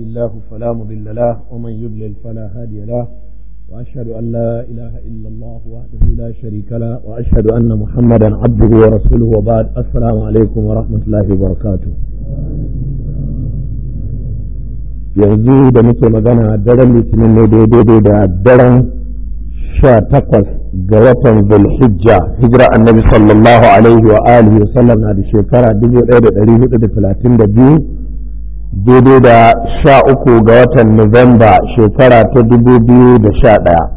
يهدي الله فلا مضل له ومن يضلل فلا هادي له وأشهد أن لا إله إلا الله وحده لا شريك له محمدا عبده ورسوله وبعد السلام عليكم الله وبركاته yanzu da muke magana daren litinin ne daidai da daren sha takwas ga watan zulhijja hijira annabi sallallahu alaihi wa alihi wa sallam na da shekara biyu. daidai da sha uku ga watan Nuwamba shekara ta dubu biyu da sha ɗaya.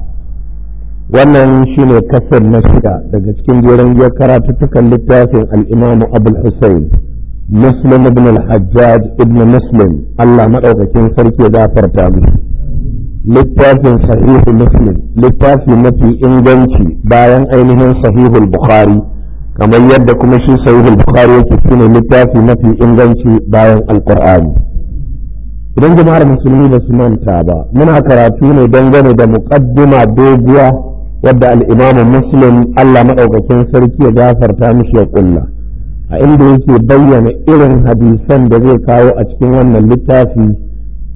Wannan shi ne kasar na shida daga cikin jerin ya karatuttukan littafin al'imamu Abul Hussein, Muslim ibn al-Hajjaj ibn Muslim, Allah maɗaukakin sarki gafarta musu. Littafin sahihu Muslim, littafi mafi inganci bayan ainihin sahihu Bukhari, kamar yadda kuma shi sahihul Bukhari yake shine littafi mafi inganci bayan al'kur'ani. idan jama'ar musulmi ba su manta ba muna karatu ne don dangane da muqaddima doguwa wadda al'imamu muslim Allah maɗaukakin sarki ya gafarta mishi ya kulla. a inda yake bayyana irin hadisan da zai kawo a cikin wannan littafi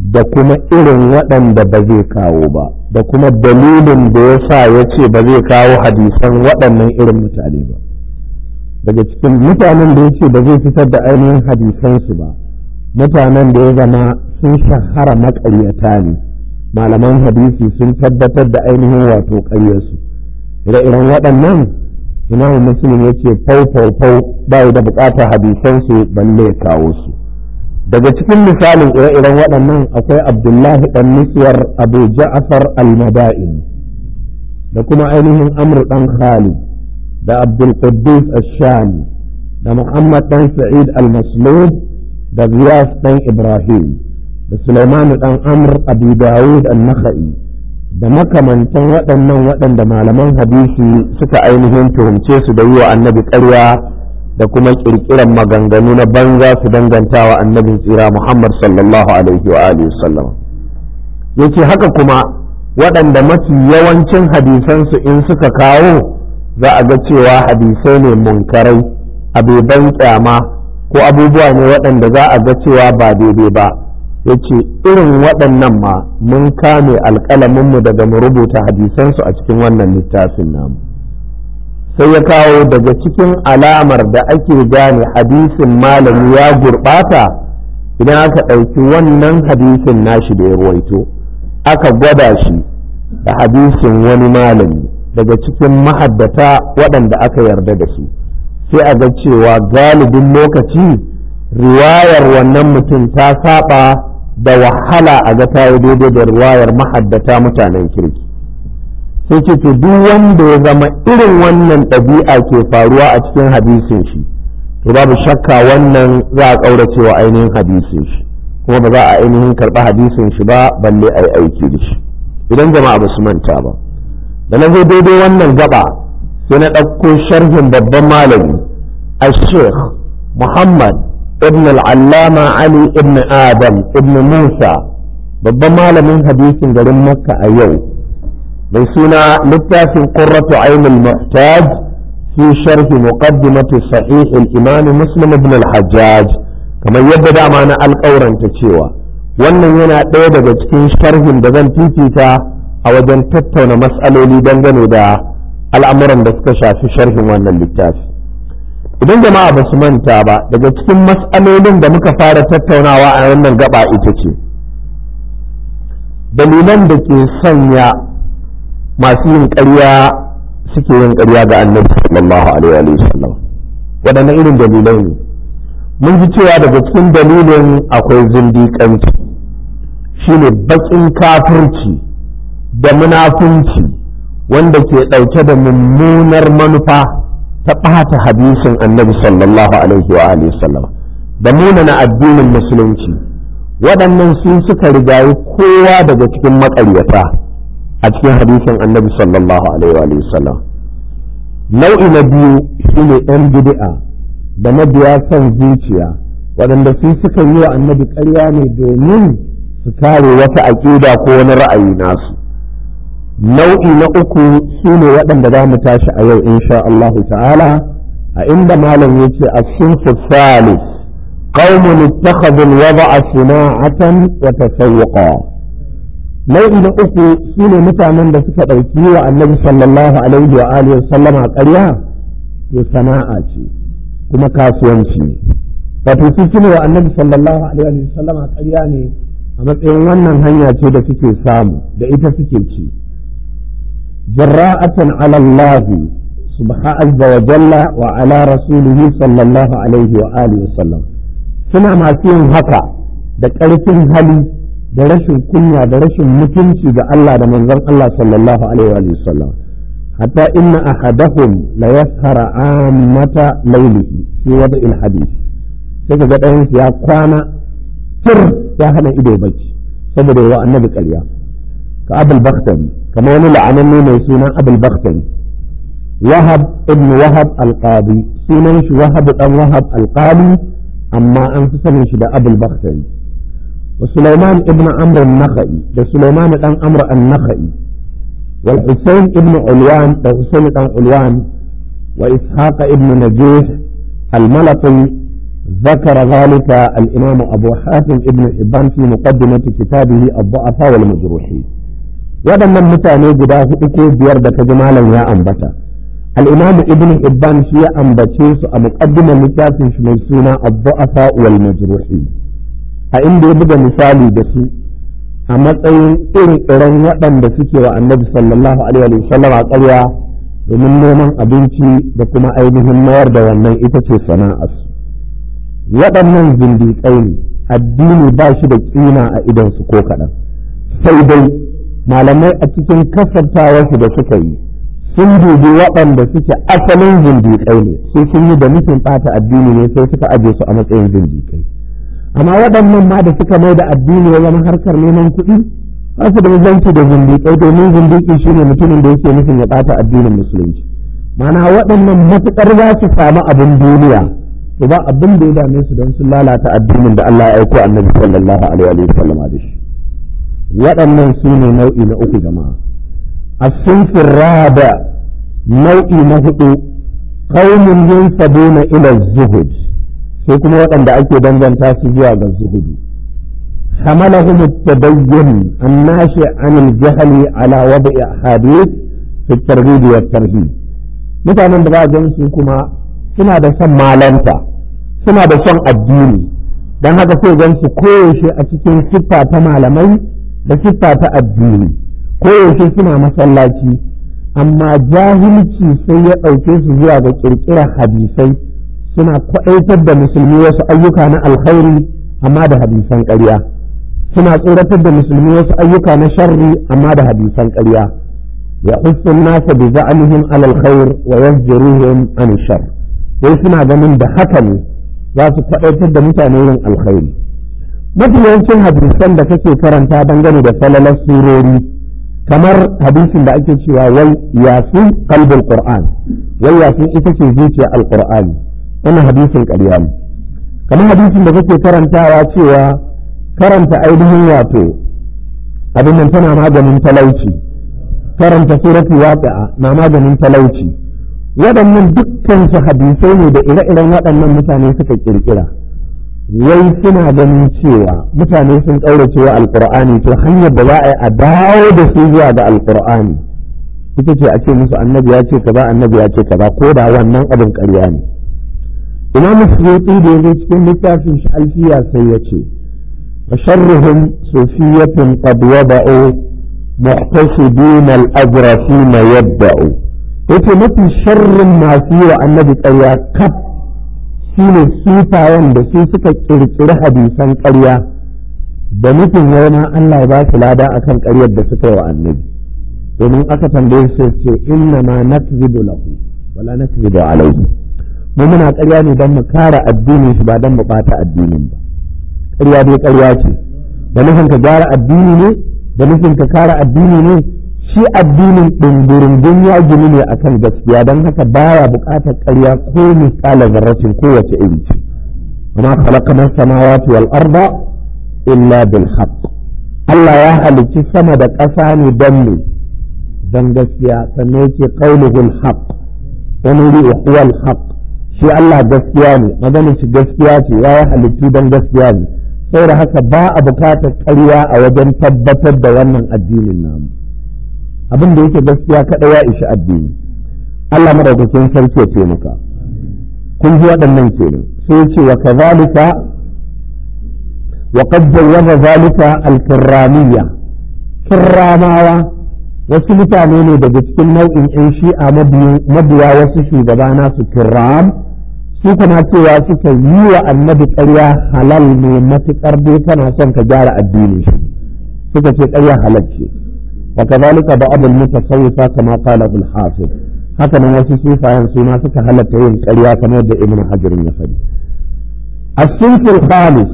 da kuma irin waɗanda ba zai kawo ba da kuma dalilin da ya sa ya ce ba zai kawo hadisan waɗannan irin mutane ba daga cikin mutanen da ya ce ba zai fitar da ainihin hadisansu ba mutanen da ya zama sun shahara maƙaryata ne malaman hadisi sun tabbatar da ainihin wato ƙaryarsu ire-iren waɗannan wa musulun ya ce fau fau fau ba da buƙatar hadisansu balle ya kawo su daga cikin misalin ire-iren waɗannan akwai abdullahi ɗan miswar abu ja'afar al da kuma ainihin amr ɗan khalid da abdul quddus ash-shami da muhammad ɗan sa'id al-maslub da riyas ɗan ibrahim da Sulaiman ɗan Amr Abu Dawud an-Nakhai da makamantan waɗannan waɗanda malaman hadisi suka ainihin tuhumce su da yiwa annabi ƙarya da kuma ƙirƙiran maganganu na banza su danganta wa annabi tsira Muhammad sallallahu alaihi wa alihi sallam yace haka kuma waɗanda mafi yawancin hadisansu in suka kawo za a ga cewa hadisai ne munkarai abeban kyama ko abubuwa ne waɗanda za a ga cewa ba daidai ba yace irin waɗannan ma mun kame alƙalaminmu daga mu rubuta hadisansu a cikin wannan littafin namu sai ya kawo daga cikin alamar da ake gane hadisin malami ya gurɓata idan aka ɗauki wannan hadisin nashi da ya ruwaito aka gwada shi da hadisin wani malami daga cikin mahaddata waɗanda aka yarda da su sai a ga cewa galibin lokaci riwayar wannan mutum ta saɓa. da wahala a ga ta yi daidai da ruwayar mahaddata mutanen kirki sai ce to duk wanda ya zama irin wannan ɗabi'a ke faruwa a cikin hadisin shi to babu shakka wannan za a ƙauracewa ainihin hadisin shi kuma ba za a ainihin karɓi hadisin shi ba balle a yi aiki da shi idan jama'a ba su manta ba da na zo daidai wannan gaba sai na ɗauko sharhin babban malami a sheikh muhammad ibn al'allama ali ibn adam ibn musa babban malamin hadisin garin makka a yau mai suna littafin ƙurratu ainul muhtaj fi sharhi muqaddimati sahih al-imam muslim ibn al-hajjaj kamar yadda dama na alƙauranta cewa wannan yana ɗaya daga cikin sharhin da zan fifita a wajen tattauna matsaloli dangane da al'amuran da suka shafi sharhin wannan littafi idan jama'a ba su manta ba daga cikin matsalolin da muka fara tattaunawa a wannan gaba ita ce dalilan da ke sanya masu yin ƙarya suke yin ƙarya ga annabi sallallahu alaihi wa sallam waɗannan irin dalilai ne mun ji cewa daga cikin dalilin akwai zindiƙanci shine baƙin kafirci da munafunci wanda ke ɗauke da mummunar manufa ta ɓata hadisin annabi sallallahu alaihi wa alihi sallam da nuna na addinin musulunci waɗannan sun suka rigayi kowa daga cikin maƙaryata a cikin hadisin annabi sallallahu alaihi wa alihi sallam nau'i na biyu shine yan bid'a da mabiya son zuciya waɗanda sun suka yi wa annabi ƙarya ne domin su kare wata aƙida ko wani ra'ayi nasu nau'i na uku su ne waɗanda za mu tashi a yau insha Allah ta'ala a inda malam ya ce a sunfu salis qaumun ittakhadhu al-wada'a sina'atan wa tasawwaqa nau'i na uku su ne mutanen da suka ɗauki wa annabi sallallahu alaihi wa alihi wa sallama ƙarya to sana'a ce kuma kasuwanci wato su ne wa annabi sallallahu alaihi wa sallama ƙarya ne a matsayin wannan hanya ce da suke samu da ita suke ci جراءة على wa سبحانه عز وجل وعلى رسوله صلى الله عليه وآله وسلم suna masu yin haka da ƙarfin hali da rashin kunya da rashin mutunci ga Allah da manzon Allah sallallahu alaihi wa sallam hatta inna ahadahum la yasara ammata laylihi fi wada'il hadith sai ga ɗayan ya kwana tur ya hana ido bacci saboda yawa annabi karya. كأب البختري كما يقول عنني ما يسونا أب البختري وهب ابن وهب القاضي سينيش وهب ابن وهب القاضي أما أنفسه من شدة أب البختري وسليمان ابن عمرو النخعي ده سليمان ابن عمرو النخعي والحسين ابن علوان ده حسين ابن علوان وإسحاق ابن نجيح الملقي ذكر ذلك الإمام أبو حاتم ابن حبان في مقدمة كتابه الضعفاء والمجروحين waɗannan mutane guda hudu ko biyar da ta ji malam ya ambata al'imamu ibn ibban shi ya ambace su a muƙaddimar littafin shi mai suna abu asa wal majruhi a inda ya buga misali da su a matsayin irin waɗanda suke wa annabi sallallahu alaihi wa sallam a ƙarya domin noman abinci da kuma ainihin mayar da wannan ita ce sana'arsu waɗannan zindiƙai ne addini ba shi da ƙina a idonsu ko kaɗan sai dai malamai a cikin kasantawar su da suka yi sun dubi waɗanda suke asalin zindiƙai ne su sun yi da nufin ɓata addini ne sai suka aje su a matsayin zindiƙai amma waɗannan ma da suka mai da addini ya zama harkar neman kuɗi ba su da zanci da zindiƙai domin zindiƙi shine mutumin da yake nufin ya ɓata addinin musulunci mana waɗannan matuƙar za su samu abin duniya to ba abin da ya dame su don sun lalata addinin da Allah ya aiko annabi sallallahu alaihi wa sallam da shi waɗannan su ne nau'i na uku jama'a asinfin raba nau'i na hudu kaunin yin na ila zuhud sai kuma waɗanda ake danganta su zuwa ga zuhudu حملهم التدين الناشئ عن الجهل على وضع أحاديث في الترغيب والترهيب mutanen da ba gansu kuma suna da son malanta suna da son addini don haka sai su koyaushe a cikin siffa ta malamai da siffa ta addini koyaushe suna masallaci amma jahilci sai ya ɗauke su zuwa ga ƙirƙirar hadisai suna kwaɗaitar da musulmi wasu ayyuka na alkhairi amma da hadisan ƙarya suna tsoratar da musulmi wasu ayyuka na sharri amma da hadisan ƙarya ya hussun nasa bi za'anihim alal khair wa yazjuruhum an shar sai suna ganin da haka ne za su kwaɗaitar da mutane yin alkhairi mafi yawancin hadisan da kake karanta dangane da falalar surori kamar hadisin da ake cewa wai yasin kalbin qur'an wai yasin ita ce zuciya alqur'ani wannan hadisin ƙarya ne kamar hadisin da kake karantawa cewa karanta ainihin wato abin nan tana maganin talauci karanta surati waqi'a na maganin talauci waɗannan dukkan su hadisai ne da ire-iren waɗannan mutane suka ƙirƙira. wai suna ganin cewa mutane sun ƙaurace wa alƙur'ani to hanyar da za a yi a dawo da su zuwa ga alƙur'ani ita ce a ce musu annabi ya ce kaza annabi ya ce kaza ko da wannan abin karya ne imamu suyuti da yanzu cikin littafin shi alfiya sai ya ce sharruhum sufiyatun qad wada'u muhtasidun al-azra fi ma yabda'u yace mafi sharrin masu yi wa annabi karya kaf shi ne sifayen da su suka ƙirƙiri hadisan ƙarya da nufin yau ma Allah ya ba su lada kan ƙaryar da suka yi wa annabi domin aka tambaye su ce inna ma nakzibu lahu wala nakzibu alayhi mu muna ƙarya ne don mu kare addinin shi ba don mu ɓata addinin ba ƙarya dai ƙarya ce da nufin ka gyara addini ne da nufin ka kare addini ne shi addinin ɗungurungun ya gini ne akan gaskiya don haka baya buƙatar ƙarya ko misalar zarracin kowace iri ce kuma khalaqna samawati wal arda illa bil haqq Allah ya halicci sama da ƙasa ne don ne don gaskiya sannan yake qauluhul haqq wani wuri huwal haqq shi Allah gaskiya ne maganin shi gaskiya ce ya yi halittu don gaskiya ne saboda haka ba a buƙatar ƙarya a wajen tabbatar da wannan addinin namu abin da yake gaskiya kaɗai ya ishi addini Allah madaukakin sarki ya taimaka kun ji waɗannan kenan sai ce wa kazalika wa qad jawwaza zalika al-kirramiyya kirramawa wasu mutane ne daga cikin nau'in yan shi'a mabiya wasu shugaba nasu kirram su kuma cewa suka yi wa annabi ƙarya halal ne matuƙar dai kana son ka gyara addinin shi suka ce ƙarya halal ce وكذلك بعض المتصوفة كما قال ابن حافظ حتى من يسوسوفة ينصيما فك هل تعين قليا كما يبدأ ابن حجر النفدي السنف الخالص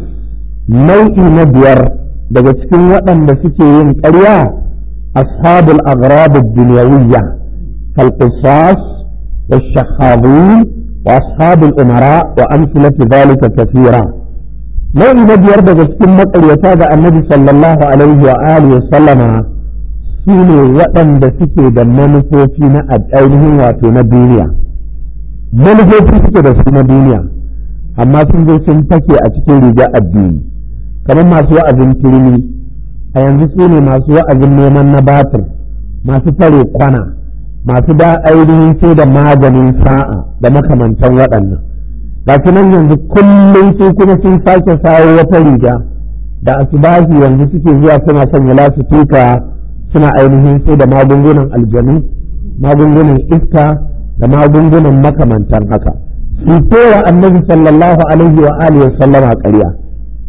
نوت مدير دقا تكون وقتا بسكين قليا أصحاب الأغراض الدنيوية كالقصاص والشخاضون وأصحاب الأمراء وأمثلة ذلك كثيرة نوت مدير دقا تكون وقتا بسكين النبي صلى الله عليه وآله وسلم su ne waɗanda suke da manufofi na ainihin wato na duniya manufofi suke da su na duniya amma sun zo sun fake a cikin riga addini kamar masu wa'azin turmi a yanzu su ne masu wa'azin neman na batir masu fare kwana masu da ainihin sai da maganin sa'a da makamantan waɗannan ba su nan yanzu kullum su kuma sun sake sawo wata riga da asubahi yanzu suke zuwa suna sanya lasu tuka suna ainihin sai da magungunan aljanu magungunan iska da magungunan makamantan haka su kowa annabi sallallahu alaihi wa alihi sallama ƙarya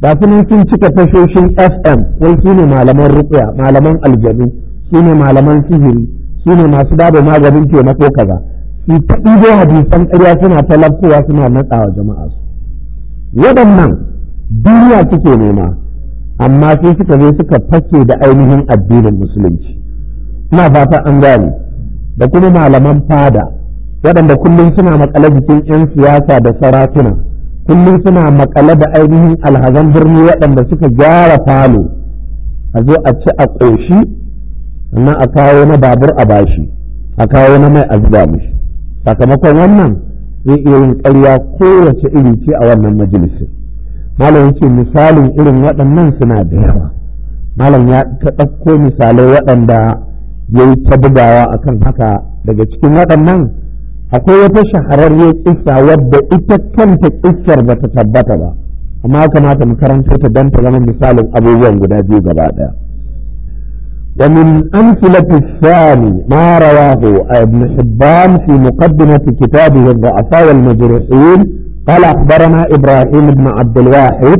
da sunan sun cika tashoshin fm wai su ne malaman ruqya malaman aljanu su ne malaman sihiri su ne masu babu maganin taimako kaza su ta ɗibo hadisan ƙarya suna talabtowa suna natsawa jama'a waɗannan duniya suke nema amma sai suka zo suka fake da ainihin addinin musulunci ina fata an gane da kuma malaman fada waɗanda kullum suna makale jikin 'yan siyasa da saratuna kullum suna makale da ainihin alhazan birni waɗanda suka gyara falo a zo a ci a ƙoshi sannan a kawo na babur a bashi a kawo na mai a zuba mishi sakamakon wannan zai iya yin ƙarya kowace iri ce a wannan majalisin malam yake misalin irin waɗannan suna da yawa malam ya ta ɗauko misalai waɗanda ya yi ta bugawa akan haka daga cikin waɗannan akwai wata shahararriyar kissa wadda ita kanta kissar ba ta tabbata ba amma kamata mu karanta ta don ta zama misalin abubuwan guda biyu gaba ɗaya ومن أمثلة الثاني ما رواه ابن حبان في مقدمة كتابه الضعفاء والمجروحين قال أخبرنا إبراهيم بن عبد الواحد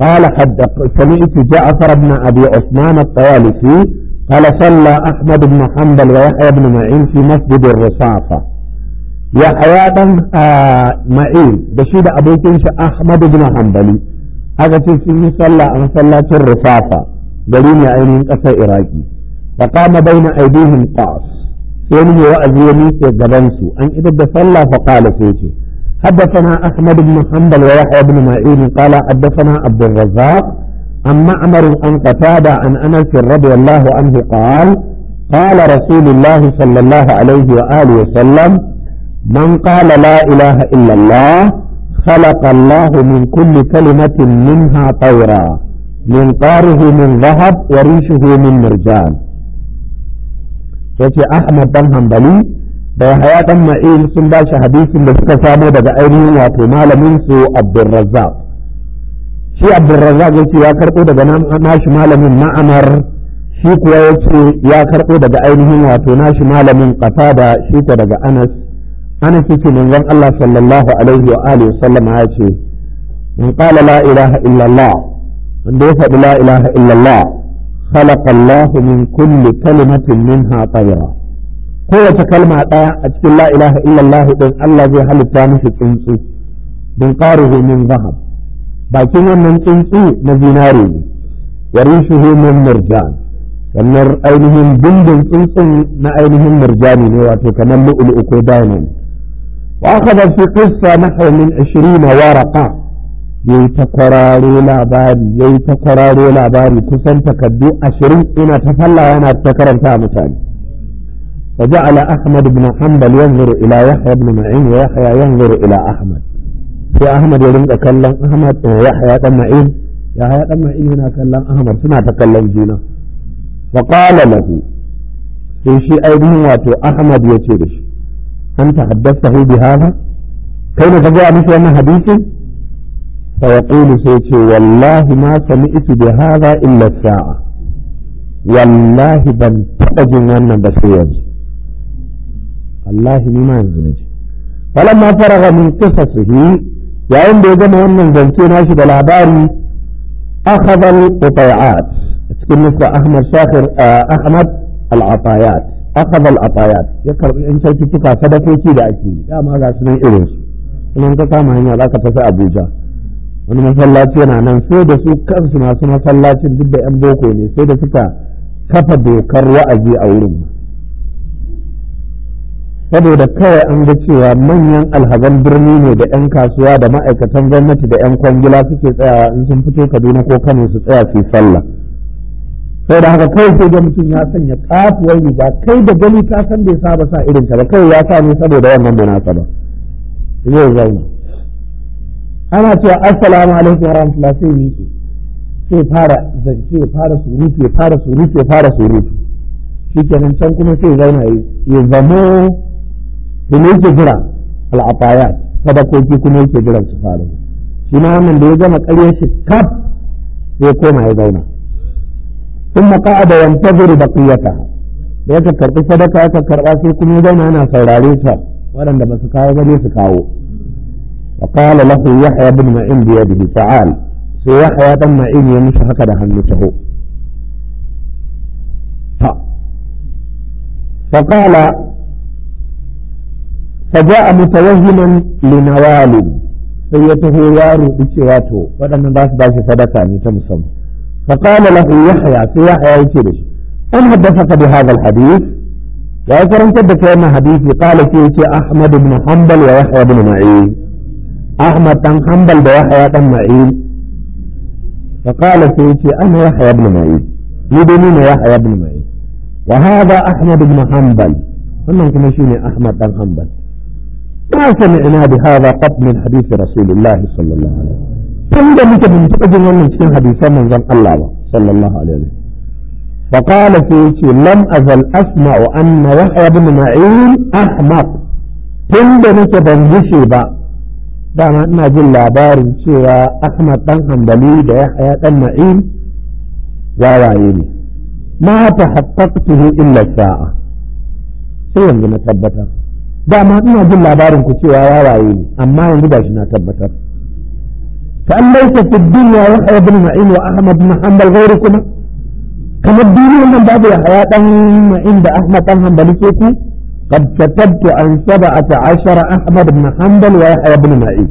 قال قد سمعت جعفر بن أبي عثمان الطوالسي قال صلى أحمد بن حنبل ويحيى بن معين في مسجد الرصافة يحيى بن آه، معين بشيد أبو كنش أحمد بن حنبلي هذا تسمي صلى أن صلى الرصافة دليل يعني قصة إراكي فقام بين أيديهم قاص سيني mu wa'azi ya miƙe gabansu an idar da حدثنا أحمد بن حنبل ويحيى بن معين قال حدثنا عبد الرزاق عن معمر عن قتادة عن أنس رضي الله عنه قال قال رسول الله صلى الله عليه وآله وسلم من قال لا إله إلا الله خلق الله من كل كلمة منها طورا منقاره من ذهب وريشه من مرجان يأتي أحمد بن حنبلي da Yahaya dan Ma'in sun ba shi hadisin da suka samo daga ainihin wato malamin su Abdurrazzaq shi Abdurrazzaq yace ya karbo daga nashi malamin Ma'amar shi kuwa yace ya karbo daga ainihin wato nashi malamin Qatada shi ta daga Anas Anas yace manzon Allah sallallahu alaihi wa alihi wasallam ya ce in qala la ilaha illa Allah wanda ya faɗi la ilaha illa Allah خلق الله min kulli كلمة منها طيرة kowace kalma ɗaya a cikin la ilaha illallah din Allah zai halitta mishi tsuntsu bin qaruhu min zahab bakin wannan tsuntsu na zinare ne wa rishuhu min murjan sannan ainihin bindin tsuntsun na ainihin murjani ne wato kamar lu'lu'u ko diamond wa akhadha fi qissa nahwa min 20 waraqa yayi ta kwararo labari yayi ta kwararo labari kusan takaddu 20 ina ta falla yana ta karanta mutane فجعل أحمد بن حنبل ينظر إلى يحيى بن معين ويحيى ينظر إلى أحمد في أحمد يريد تكلم أحمد ويحيى إيه، بن معين يحيى بن معين هنا كلم أحمد سنة تكلم جينا وقال له في شيء أيضا واتو أحمد يتيرش أنت حدثته بهذا كيف تجاء مثل أن حديثي فيقول سيتي والله ما سمعت بهذا إلا الساعة والله بل تجن أن بسير wallahi ni ma yanzu na ji falamma faraga min qisasihi yayin da ya gama wannan zance na shi da labari akhadha al-qutayat cikin nufa Ahmad sahir eh, Ahmad al-Atayat akhadha al-Atayat ya karbi in sauki tuka sadakoki da ake yi dama ga sunan irin su in ka kama hanya zaka tafi Abuja wani masallaci yana nan sai da su kansu masu masallacin duk da 'yan boko ne sai da suka kafa dokar wa'azi a wurin saboda kawai an ga cewa manyan alhazan birni ne da 'yan kasuwa da ma'aikatan gwamnati da 'yan kwangila suke tsayawa in sun fito kaduna ko kano su tsaya su sallah sau da haka kawai sai da mutum ya sanya kafuwar riga kai da gani ka san bai saba sa irin ta ba kawai ya sa ne saboda wannan da nasa ba zai zauna ana cewa assalamu alaikum wa rahmatullah sai miƙe sai fara zance fara surutu fara surutu fara surutu shikenan can kuma sai zauna ya zamo da yake jira al'afaya sadakoki kuma yake jiran su fara shi ma wannan da ya gama ƙaryar shi kaf sai koma ya zauna sun maka da yanta zuri da kuyata da ya karɓi sadaka ya karɓa sai kuma ya zauna yana saurare sa waɗanda ba su kawo ba su kawo وقال له يحيى بن معين بيده تعال sai yahaya dan ma'in ya musu haka da hannu taho ta faƙala فجاء متوهما لنوال سيته يارو taho ya roƙi باش to waɗannan فقال له يحيى في يحيى يكيد أن حدثك بهذا الحديث أن كده أن حديثي قال فيه أحمد بن حنبل ويحيى بن معين أحمد بن حنبل ويحيى بن معين فقال فيه أنا يحيى بن معين يدنين يحيى بن معين وهذا أحمد بن حنبل فلن كمشيني أحمد بن حنبل ما سمعنا بهذا قط من حديث رسول الله صلى الله عليه وسلم tun da muka bin taɓa jin wannan cikin hadisan manzon Allah ba sallallahu alaihi wasallam fa qala sai yace lam azal asma'u anna yahya ibn ma'in ahmaq tun da nake ban gushe ba dama ina jin labarin cewa ahmad dan hanbali da yahya dan ma'in wawaye ne ma tahaqqaqtuhu illa sa'a sai yanzu na tabbatar ma ina jin labarin ku cewa ya waye ne amma yanzu ba shi na tabbatar fa an laysa fi dunya wa ibn ma'in wa ahmad bin hanbal kuma kuma duniyar nan babu yahya dan ma'in da ahmad dan hanbali ke ku qad katabtu an sab'ata ashara ahmad bin hanbal wa ya ibn ma'in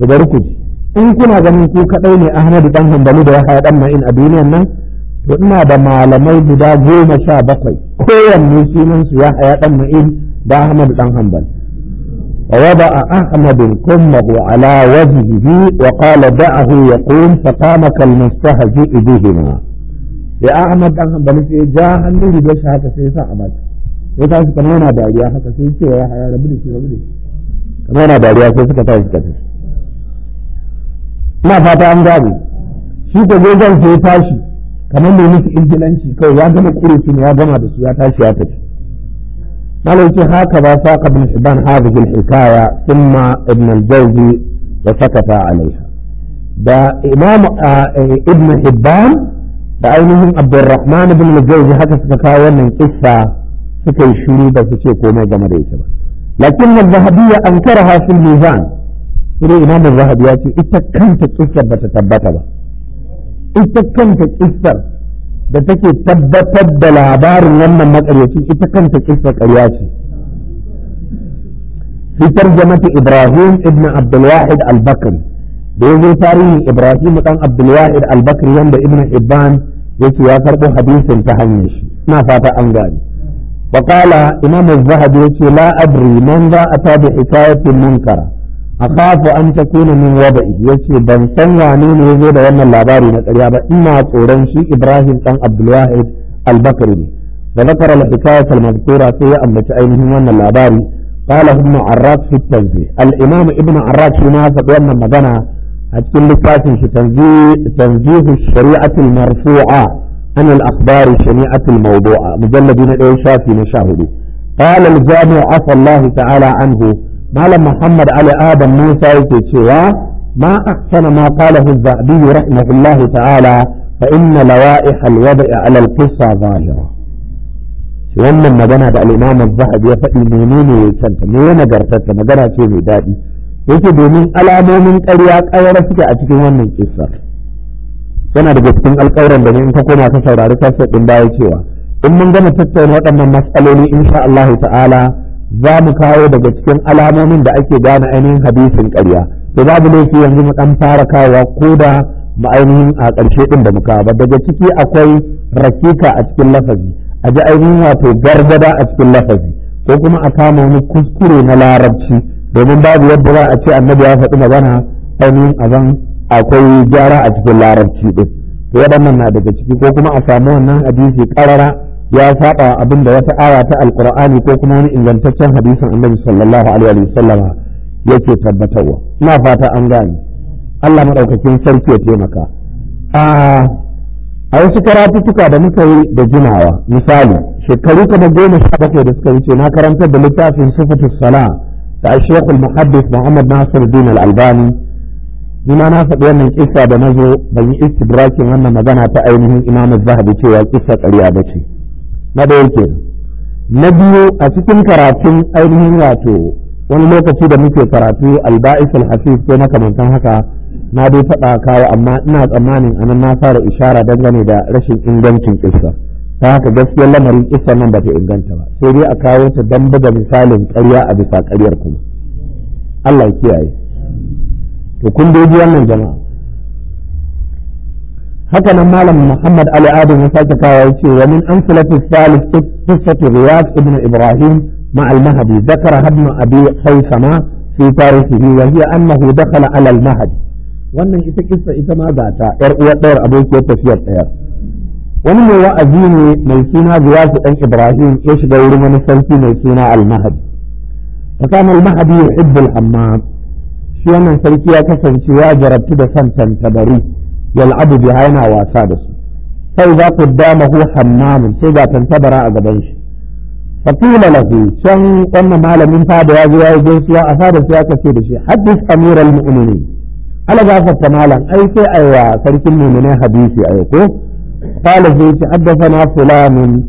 ku bar ku in kuna ganin ku kadai ne ahmad dan hanbali da yahya dan ma'in a duniyan nan to ina da malamai guda goma sha bakwai kowanne su ya haya dan ma'in ba Ahmad dan hamban kodwa ba a Ahmad kun maɓu a lawa zibizu ya kala da'a yakin ta kama kalmastaha jiragen zuwa. da Ahmad dan hamban sai jihar hannu da shi sai sa a sai ta yi sukan nauna haka sai shi ya yi hayana shi ya gudu kamar naunariya sai suka taya suka tafi. ina fata an gabe shi ta zai zan zai fashi kaman lemuki injinankin kau ya gama kurin suna ya gama da su ya tashi ya fita. قالوا هكذا ساق ابن حبان هذه الحكاية ثم ابن الجوزي وسكت عليها بإمام آه، ابن حبان بعينهم عبد الرحمن بن الجوزي هذا الحكاية من قصة سكي شريبة سكيكو ما لكن الذهبية أنكرها في الميزان إلي إمام الذهبية إتكنت قصة بتتبتها إتكنت قصة da take tabbatar da labarin wannan makaryaci ita kanta kisa ƙarya ce fitar tarjamata Ibrahim ibn Abdulwahid al-Bakri da ya zo tarihin Ibrahim dan Abdulwahid al-Bakri wanda Ibn Ibban yake ya karɓo hadisin ta hanyar shi ina fata an gani zahabi إمام الذهبي لا man za ذا أتى بحكاية munkara akhafu an takuna min waba'i yace ban san wane ne yazo da wannan labari na ƙarya ba ina tsoron shi Ibrahim dan Abdulwahid al-Bakri ne da zakara al-hikaya al-mazkura sai ya ambaci ainihin wannan labari qala ibn Arraq fi tanzih al-imam ibn Arraq shi ma faɗi wannan magana a cikin littafin shi tanzih shari'at al-marfu'a an al-akhbar shari'at al-mawdu'a mujalladi na ɗaya shafi na 14 qala al-jami' afa Allah ta'ala anhu malam muhammad ali adam musa yake cewa ma ahsana ma qalahu az-zahabi rahimahullahu ta'ala fa inna lawaiha al-wad'i 'ala wannan magana da al zahab ya faɗi menene ya canta me ya nagartarta magana ce mai daɗi yake domin alamomin ƙarya ƙayar suke a cikin wannan kissa yana daga cikin alƙawuran da ne in ka koma ka saurari kasar ɗin baya cewa in mun gama tattauna waɗannan matsaloli insha Allah ta'ala za mu kawo daga cikin alamomin da ake gane ainihin hadisin ƙarya to babu laifi yanzu mu dan fara kawo ko da mu ainihin a ƙarshe din da muka ba daga ciki akwai rakika a cikin lafazi a ji ainihin wato gargada a cikin lafazi ko kuma a kama wani kuskure na larabci domin babu yadda za a ce annabi ya faɗi magana ainihin a zan akwai gyara a cikin larabci din waɗannan na daga ciki ko kuma a samu wannan hadisi ƙarara ya saba abin da wata aya ta alqur'ani ko kuma wani ingantaccen hadisin annabi sallallahu alaihi wa sallama yake tabbatarwa ina fata an gane Allah madaukakin sarki ya taimaka a a wasu karatutuka da muka yi da jimawa misali shekaru kuma goma sha bakwai da suka wuce na karantar da littafin sifatu sala da shekul muhaddis muhammad nasir din al-albani ni ma na faɗi wannan kissa da na zo ban yi istidrakin wannan magana ta ainihin imam zahabi cewa kissa ƙarya ba ce na ɗaya yake na biyu a cikin karatun ainihin wato wani lokaci da muke karatu alba'is alhasis ko makamantan haka na dai faɗa kawo amma ina tsammanin anan na fara ishara dangane da rashin ingancin kissa ta haka gaskiyar lamarin kissa nan ba ta inganta ba sai dai a kawo ta dan buga misalin karya a bisa ƙaryar kuma Allah ya kiyaye to kun dai wannan jama'a هكذا مالم محمد علي آدم وفاتك وعيشي ومن أنسلة الثالث قصة غياث ابن إبراهيم مع المهدي ذكرها ابن أبي حيثما في تاريخه وهي أنه دخل على المهدي وانا إذا قصة إذا ما ذاتا إر طير أبو كيف تفير إر ومن هو أذين ميسينا رياض ابن إبراهيم إيش دور من سلطي ميسينا المهدي فكان المهدي يحب الحمام شو أنا سلطي أكثر شواجر ابتدى سمسا كبريك يلعب بهاينا واسادس فإذا قدامه حمام سيجا تنتبرا أقبنش فقيل له شن قلنا ما لم ينفع بهذه الجنس يا يا كثير شيء حدث أمير المؤمنين على جافة كمالا أي شيء أيوة تركني من حديثي أيوة قال زيك حدثنا فلان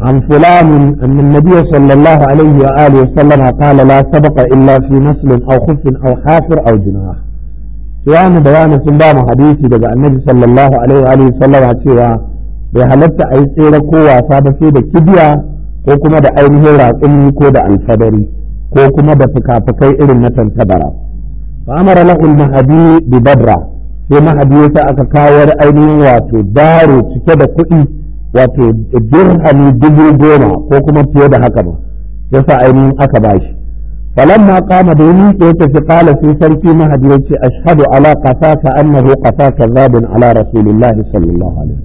عن فلان أن النبي صلى الله عليه وآله وسلم قال لا سبق إلا في نسل أو خف أو حافر أو جناح wani da yana sun ba mu hadisi daga annabi sallallahu alaihi wa cewa bai halatta a yi tsere ko wasa ba sai da kibiya ko kuma da ainihin raƙumi ko da alfadari ko kuma da fuka irin na tantabara fa amara lahul bi badra sai mahadi yasa aka kawo ainihin wato daro cike da kuɗi wato dirhami dubu goma ko kuma fiye da haka ba yasa ainihin aka bashi falamma qama da yini ke tafi qala sai sarki mahadi yace ashhadu ala qafaka annahu qafaka zabun ala rasulillahi sallallahu alaihi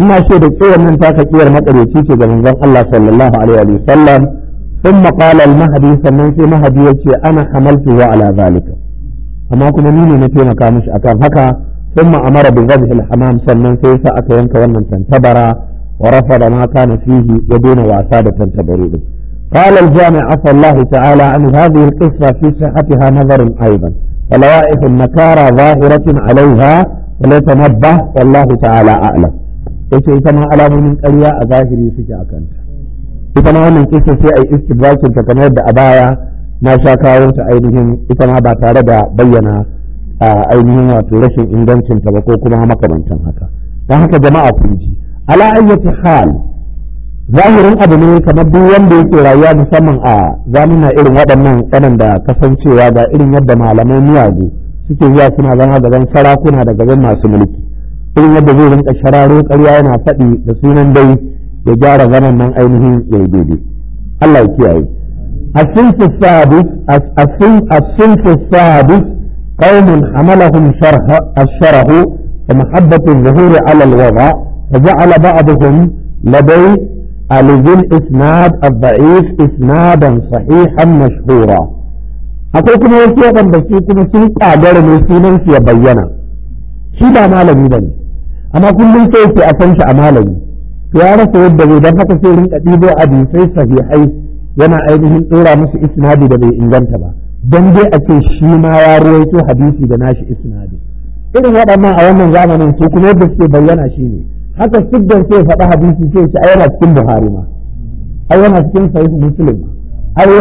ina so da kiyar nan taka kiyar makareci ce ga manzon Allah sallallahu alaihi wa sallam ثم قال المهدي sannan sai mahadi yace ana hamaltu ala zalika amma kuma ni ne na taimaka mishi akan haka ثم أمر بذبح الحمام سنن سيسا أكا ينكا ونن تنتبرا ورفض ما كان فيه يدين وأساد تنتبرو قال الجامع عفى الله تعالى عن هذه القصة في صحتها نظر أيضا ولوائح النكارة ظاهرة عليها ita ma alamomin ƙarya a zahiri suke a ita ma sai a yi istibrakin ta kamar da a baya na sha kawo ta ainihin ita ma ba tare da bayyana ainihin wato rashin ingancinta ba ko kuma makamantan haka don haka jama'a kun ji ala ayyati hal zahirin abu ne kamar duk wanda yake rayuwa musamman a zamuna irin waɗannan da kasancewa ga irin yadda malamai miyagu suke zuwa suna zama gaban sarakuna da gaban masu mulki irin yadda zai rinka shararo ƙarya yana faɗi da sunan dai ya gyara zaman nan ainihin ya daidai Allah ya kiyaye الصنف السادس الصنف السادس قوم حملهم شرح الشرح ومحبة الظهور على laba فجعل بعضهم لدي alibin isnad abba'if isnadan sahihan mashhura akwai kuma wasu waɗanda su kuma sun ƙagara ne sunan su ya bayyana shi ba malami ba ne amma kullum sai ke a san shi a malami to ya rasa yadda zai dan haka sai rinka ɗibo hadisai sahihai yana ainihin ɗora musu isnadi da bai inganta ba don dai a ce shi ma ya ruwaito hadisi da nashi isnadi irin waɗannan a wannan zamanin su kuma yadda suke bayyana shi ne haka siddan sai faɗa hadisi sai shi ayyana yana cikin buhari ma ayyana yana cikin sahih muslim ai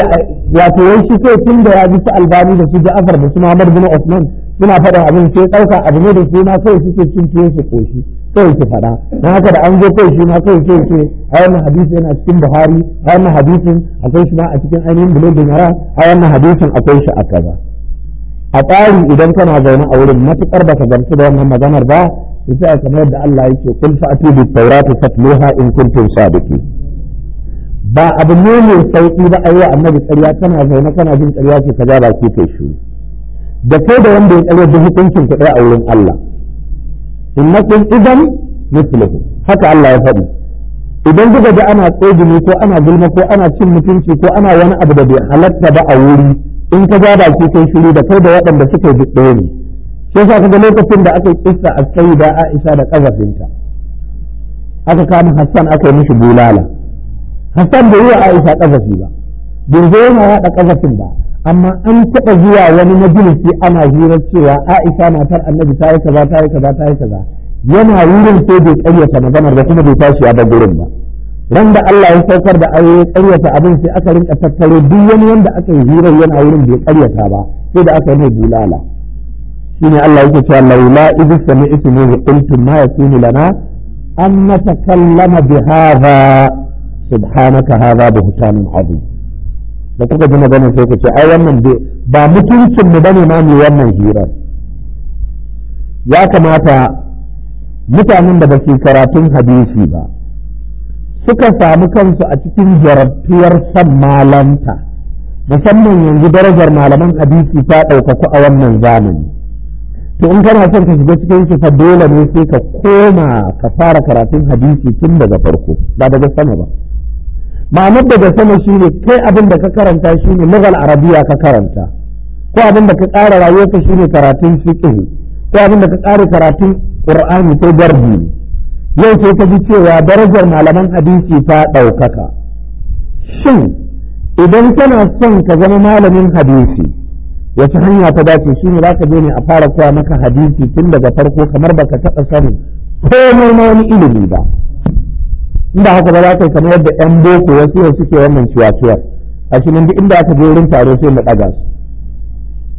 wato wai shi sai tun da ya ji su albani da su ja'afar da su mamar bin usman suna faɗa abin sai ɗauka abu ne da su ma kawai suke cin tuwo su koshi kawai su faɗa don haka da an zo kawai shi ma kawai sai ce ai wannan hadisi yana cikin buhari ai wannan hadisin akwai shi ma a cikin ainihin da yara ai wannan hadisin akwai shi a kaza a tsari idan kana zaune a wurin matuƙar ka gamsu da wannan maganar ba yasa kamar da Allah yake kul fa'atu bi tawrati fatluha in kuntum sadiqin ba abu ne mai sauki ba ayi annabi ƙarya kana zaune kana jin ƙarya ce kaza ba ke kai shi da kai da wanda ya ƙarya duk hukuncin ku a wurin Allah innakum idan mithluhu haka Allah ya faɗi idan kuka ga ana tsogini ko ana gulma ko ana cin mutunci ko ana wani abu da bai halatta ba a wuri in ka ja baki kai shiru da kai da waɗanda suka yi ɗaya ne sai sa kaga lokacin da aka kissa a sai da Aisha da kazafinta aka kama Hassan aka yi mishi bulala Hassan bai yi Aisha kazafi ba bai zo yana hada kazafin ba amma an taɓa zuwa wani majalisi ana hirar cewa Aisha matar Annabi ta yi kaza ta yi kaza ta yi kaza yana wurin sai bai ƙaryata maganar da kuma bai tashi ya ba gurin ba ran da Allah ya saukar da ayoyi ƙaryata abin sai aka rinka tattaro duk wani wanda aka yi hirar yana wurin bai ƙaryata ba sai da aka yi mai bulala shine Allah yake cewa laula idh sami'tu bi qultum ma yakunu lana an natakallama bi hadha subhanaka hadha buhtanun azim da kuka ji magana sai ka ce ai wannan ba mutuncin mu bane ma mu wannan hirar ya kamata mutanen da ba su karatun hadisi ba suka samu kansu a cikin jarabtuwar san malanta musamman yanzu darajar malaman hadisi ta ɗaukaku a wannan zamani to in kana son ka shiga cikin shi fa dole ne sai ka koma ka fara karatun hadisi tun daga farko ba daga sama ba ma'anar daga sama shine kai abin da ka karanta shine lugal arabiya ka karanta ko abin da ka ƙara rayuwarka shine karatun fiqh ko abin da ka ƙara karatun qur'ani ko garbi yau sai ka ji cewa darajar malaman hadisi ta ɗaukaka shin idan kana son ka zama malamin hadisi wata hanya ta dace shi ne za ka je ne a fara koya maka hadisi tun daga farko kamar baka taɓa sani komai na wani ilimi ba inda haka ba za ka yi kamar yadda yan boko wasu yau suke wannan ciwaciwar a shi inda aka je wurin taro sai mu ɗaga su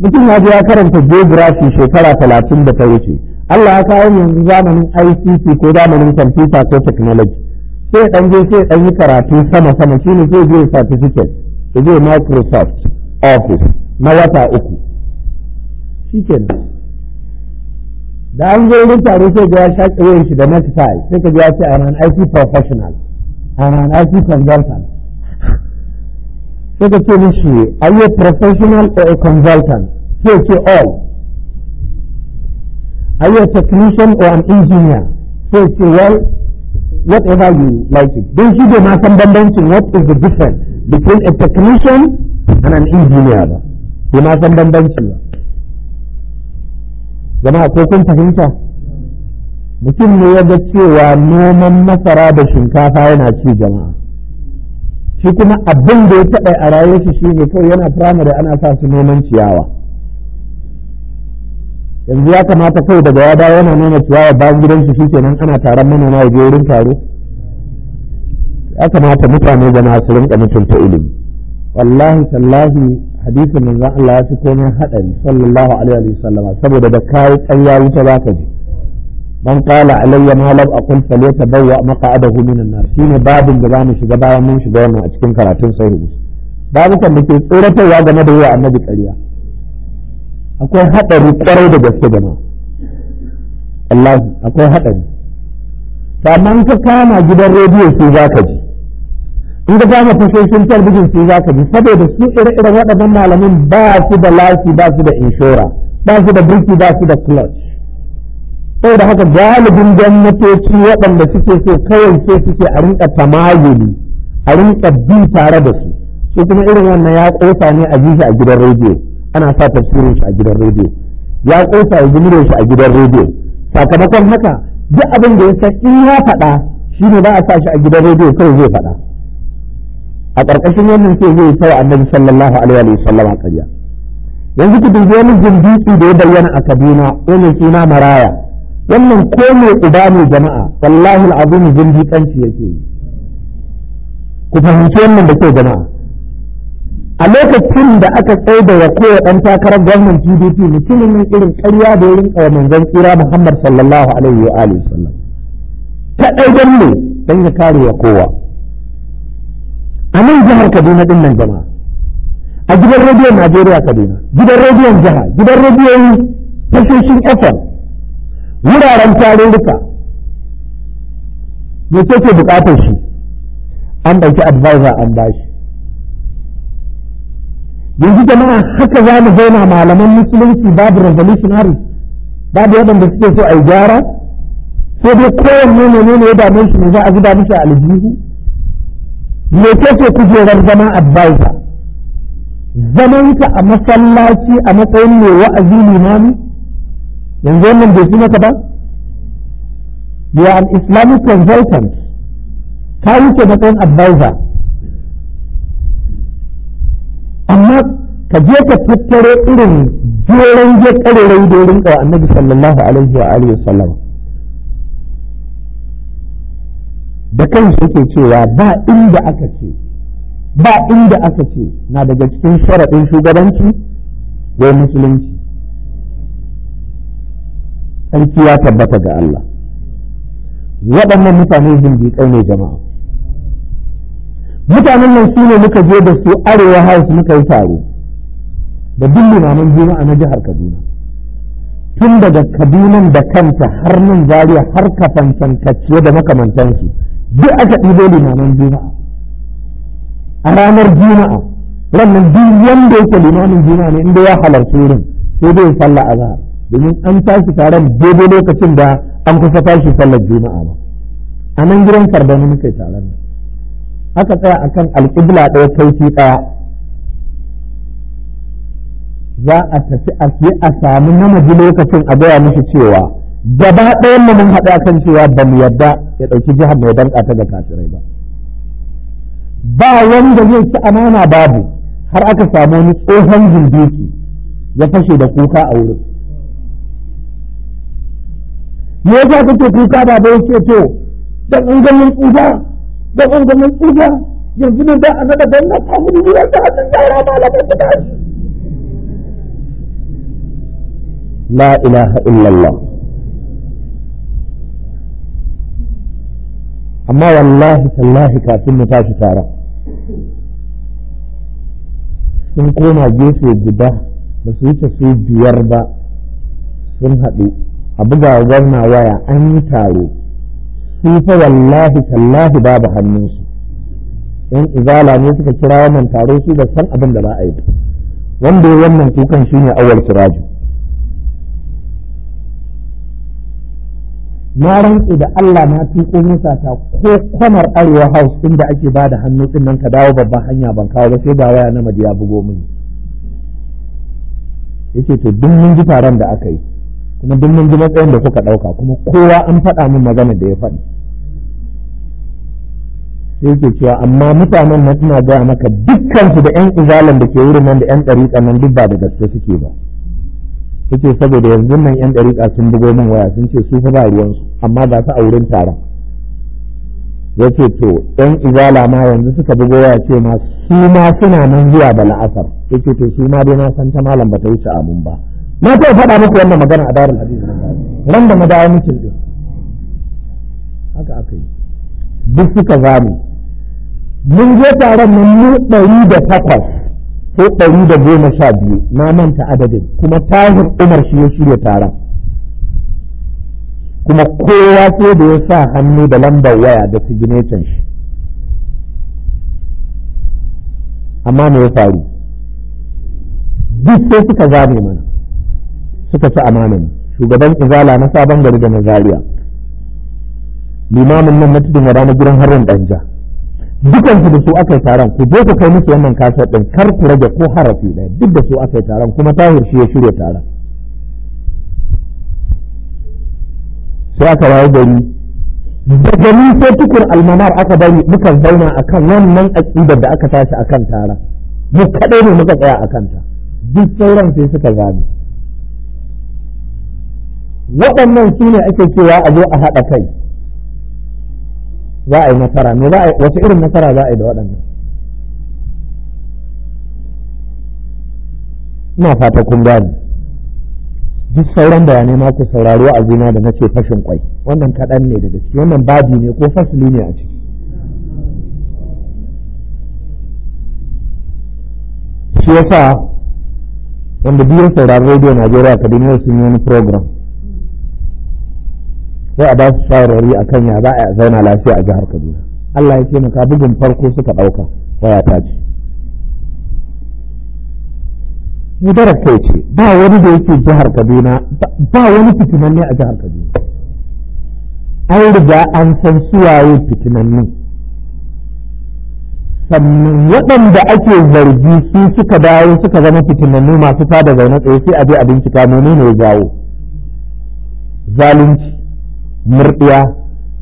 mutum ya je ya karanta geography shekara talatin da ta wuce Allah ya kawo yanzu zamanin ICT ko zamanin computer ko technology sai dan je sai dan yi karatu sama sama shi ne sai je certificate sai je Microsoft Office na wata uku shi kenan da an zo wurin taro sai ga ya shaƙe wayan shi da next sai ka ga ya ce an an IT professional an an IT consultant sai ka ce mishi are you a professional or a consultant sai ce all are you a technician or an engineer sai ce well whatever you like it don shi bai ma san bambancin what is the difference between a technician and an engineer bai ma san bambanci ba jama'a ko kun fahimta mutum ne ya ga cewa noman masara da shinkafa yana ci jama'a shi kuma abin da ya taɓa a rayuwar shi ne kawai yana firamare ana sa su noman ciyawa yanzu ya kamata kawai daga ya dawo yana nuna ciyawa bayan gidan shi nan ana taron manoma ya je wurin taro ya kamata mutane jama'a su rinka mutunta ilimi wallahi tallahi hadisin manzon Allah ya fi komai hadari sallallahu alaihi wa sallam saboda da kai ƙarya wuta za ka ji man qala alayya ma lam aqul falyatabawwa maq'adahu minan nar shine babin da zamu shiga bayan mun shiga wannan a cikin karatun sahihi kan da ke tsoratarwa game da yawa annabi ƙarya akwai hadari kwarai da gaske gama. wallahi akwai hadari sannan ka kama gidan rediyo sai za ka ji in ka kama fasoshin talbijin su za ka ji saboda su ire-iren waɗannan malamin ba su da lashi ba su da inshora ba su da birki ba su da clutch da haka galibin gwamnatoci waɗanda suke so kawai sai suke a rinka tamayuli a rinka bi tare da su su kuma irin wannan ya ƙosa ne a ji shi a gidan rediyo ana sa tafsirin shi a gidan rediyo ya ƙosa ya shi a gidan rediyo sakamakon haka duk abin da ya san in ya faɗa shi ne ba a sa shi a gidan rediyo kawai zai faɗa a ƙarƙashin wannan sai zai sai annabi sallallahu alaihi wa sallam ƙarya yanzu ku dubi wani jindiki da ya bayyana a Kaduna wani suna maraya wannan ko mai uba ne jama'a wallahi al'azim jindikanci yake ku fahimci wannan da kyau jama'a a lokacin da aka tsaye da kowa ɗan takarar gwamnan PDP mutumin irin ƙarya da ya rinƙa wa manzon tsira Muhammad sallallahu alaihi wa sallam ta ɗaya ne don ya kare wa kowa a nan jihar kaduna din nan jama'a a gidan rediyon najeriya kaduna gidan rediyon jiha gidan rediyon tashoshin fm wuraren tarurruka me kake bukatar shi an ɗauki advisor an bashi yanzu jama'a haka za mu zauna malaman musulunci babu revolutionary babu waɗanda suke so a yi gyara sai dai kowanne ne ne ya dame shi ne za a zuba mishi aljihu me kake kujerar zama advisor zamanka a masallaci a matsayin mai wa'azi limami yanzu wannan bai maka ba you are an islamic consultant ka wuce matsayin advisor amma ka je ka tattare irin jeron je karerai da rinka annabi sallallahu alaihi wa alihi wasallam da kansa yake cewa ba inda aka ce ba inda aka ce na daga cikin sharaɗin shugabanci wai musulunci sarki ya tabbata ga Allah waɗannan mutane zindiƙai ne jama'a mutanen nan su ne muka je da su arewa house muka yi taro da duk juna juma'a na jihar kaduna tun daga kadunan da kanta har nan zariya har kafancan kacciye da makamantansu duk aka ɗibo limaman juma'a a ranar juma'a wannan duk wanda yake limamin juma'a ne inda ya halarci wurin sai dai sallah azhar domin an tashi taron daidai lokacin da an kusa tashi sallar juma'a ba a nan gidan sardani muke taron aka tsaya akan alƙibla ɗaya kaifi ɗaya za a tafi a siya a sami namiji lokacin a gaya mishi cewa gaba ɗayan mu mun haɗa kan cewa ba mu yadda ya ɗauki jihar mai danka ta ga kafirai ba ba wanda zai ci amana babu har aka samu wani tsohon zindiki ya fashe da kuka a wurin me yasa kake kuka ba bai ce to dan an ga mun tsuga dan an ga mun tsuga yanzu ne da annabi dan na samu ni ya ta san daura ta da la ilaha illallah amma wallahi tallahi kafin mu tashi tara sun koma gefe guda ba su wuce su biyar ba sun haɗu a buga gwamna waya an yi taro su fa wallahi tallahi babu hannunsu in izala ne suka kira wannan taro su da san abin da ba a yi wanda ya wannan kukan ne awal turaju. na rantse da Allah na tuko mota ta ko kwamar arewa house inda ake ba da hannu din nan ka dawo babban hanya ban kawo ba sai ga waya na madiya bugo mini yace to duk mun ji taron da aka yi kuma duk mun ji matsayin da kuka ɗauka kuma kowa an faɗa min magana da ya faɗi sai ke cewa amma mutanen na suna gaya maka dukkan su da yan izalan da ke wurin nan da yan ɗariƙa nan duk ba da gaske suke ba yace saboda yanzu nan yan dariƙa sun bugo min waya sun ce su fa ba ruwansu amma ba su a wurin taron yace to yan izala ma yanzu suka bugo waya ce ma su ma suna nan zuwa da la'asar yace to su ma dai na san ta malam ba ta wuce mun ba na ta faɗa muku wannan magana a darul hadisi ran da na dawo mutum din haka aka yi duk suka zamu mun je taron nan mu ɗari da takwas ko ɗari da goma sha biyu na manta adadin kuma tahir umar shi ya shirya taron kuma kowa sai da ya sa hannu da lambar waya da signetin shi amma me ya faru duk sai suka zane mana suka ci amanin shugaban izala na sabon gari da na zaria limamin nan na tudun wada na gidan harin danja dukan da su aka yi taron ku je ku kai musu wannan kasar ɗin kar ku rage ko harafi ɗaya duk da su aka yi taron kuma tahir shi ya shirya taron sai aka wayi gari daga ni sai tukur almanar aka bari muka zauna akan wannan aƙidar da aka tashi akan taron mu kaɗai ne muka tsaya a kanta duk sauran sai suka zame waɗannan su ne ake cewa a zo a haɗa kai za a yi nasara me za a wasu irin nasara za a yi da waɗannan ina fata kun gane duk sauran bayanai ma ku saurari a zina da nace fashin kwai wannan kaɗan ne daga ciki wannan babi ne ko fasili ne a ciki shi yasa wanda biyan sauraron rediyo najeriya kaduna sun yi wani program sai a ba su shawarwari a kan ya za a zauna lafiya a jihar kaduna allah ya taimaka bugun farko suka ɗauka waya ta ce mudarar kai ce ba wani da yake jihar kaduna ba wani fitinanne a jihar kaduna an riga an san suwaye fitinannu sannan waɗanda ake zargi su suka dawo suka zama fitinannu masu tada zaune tsaye sai a je a bincika ne ya jawo zalunci murɗiya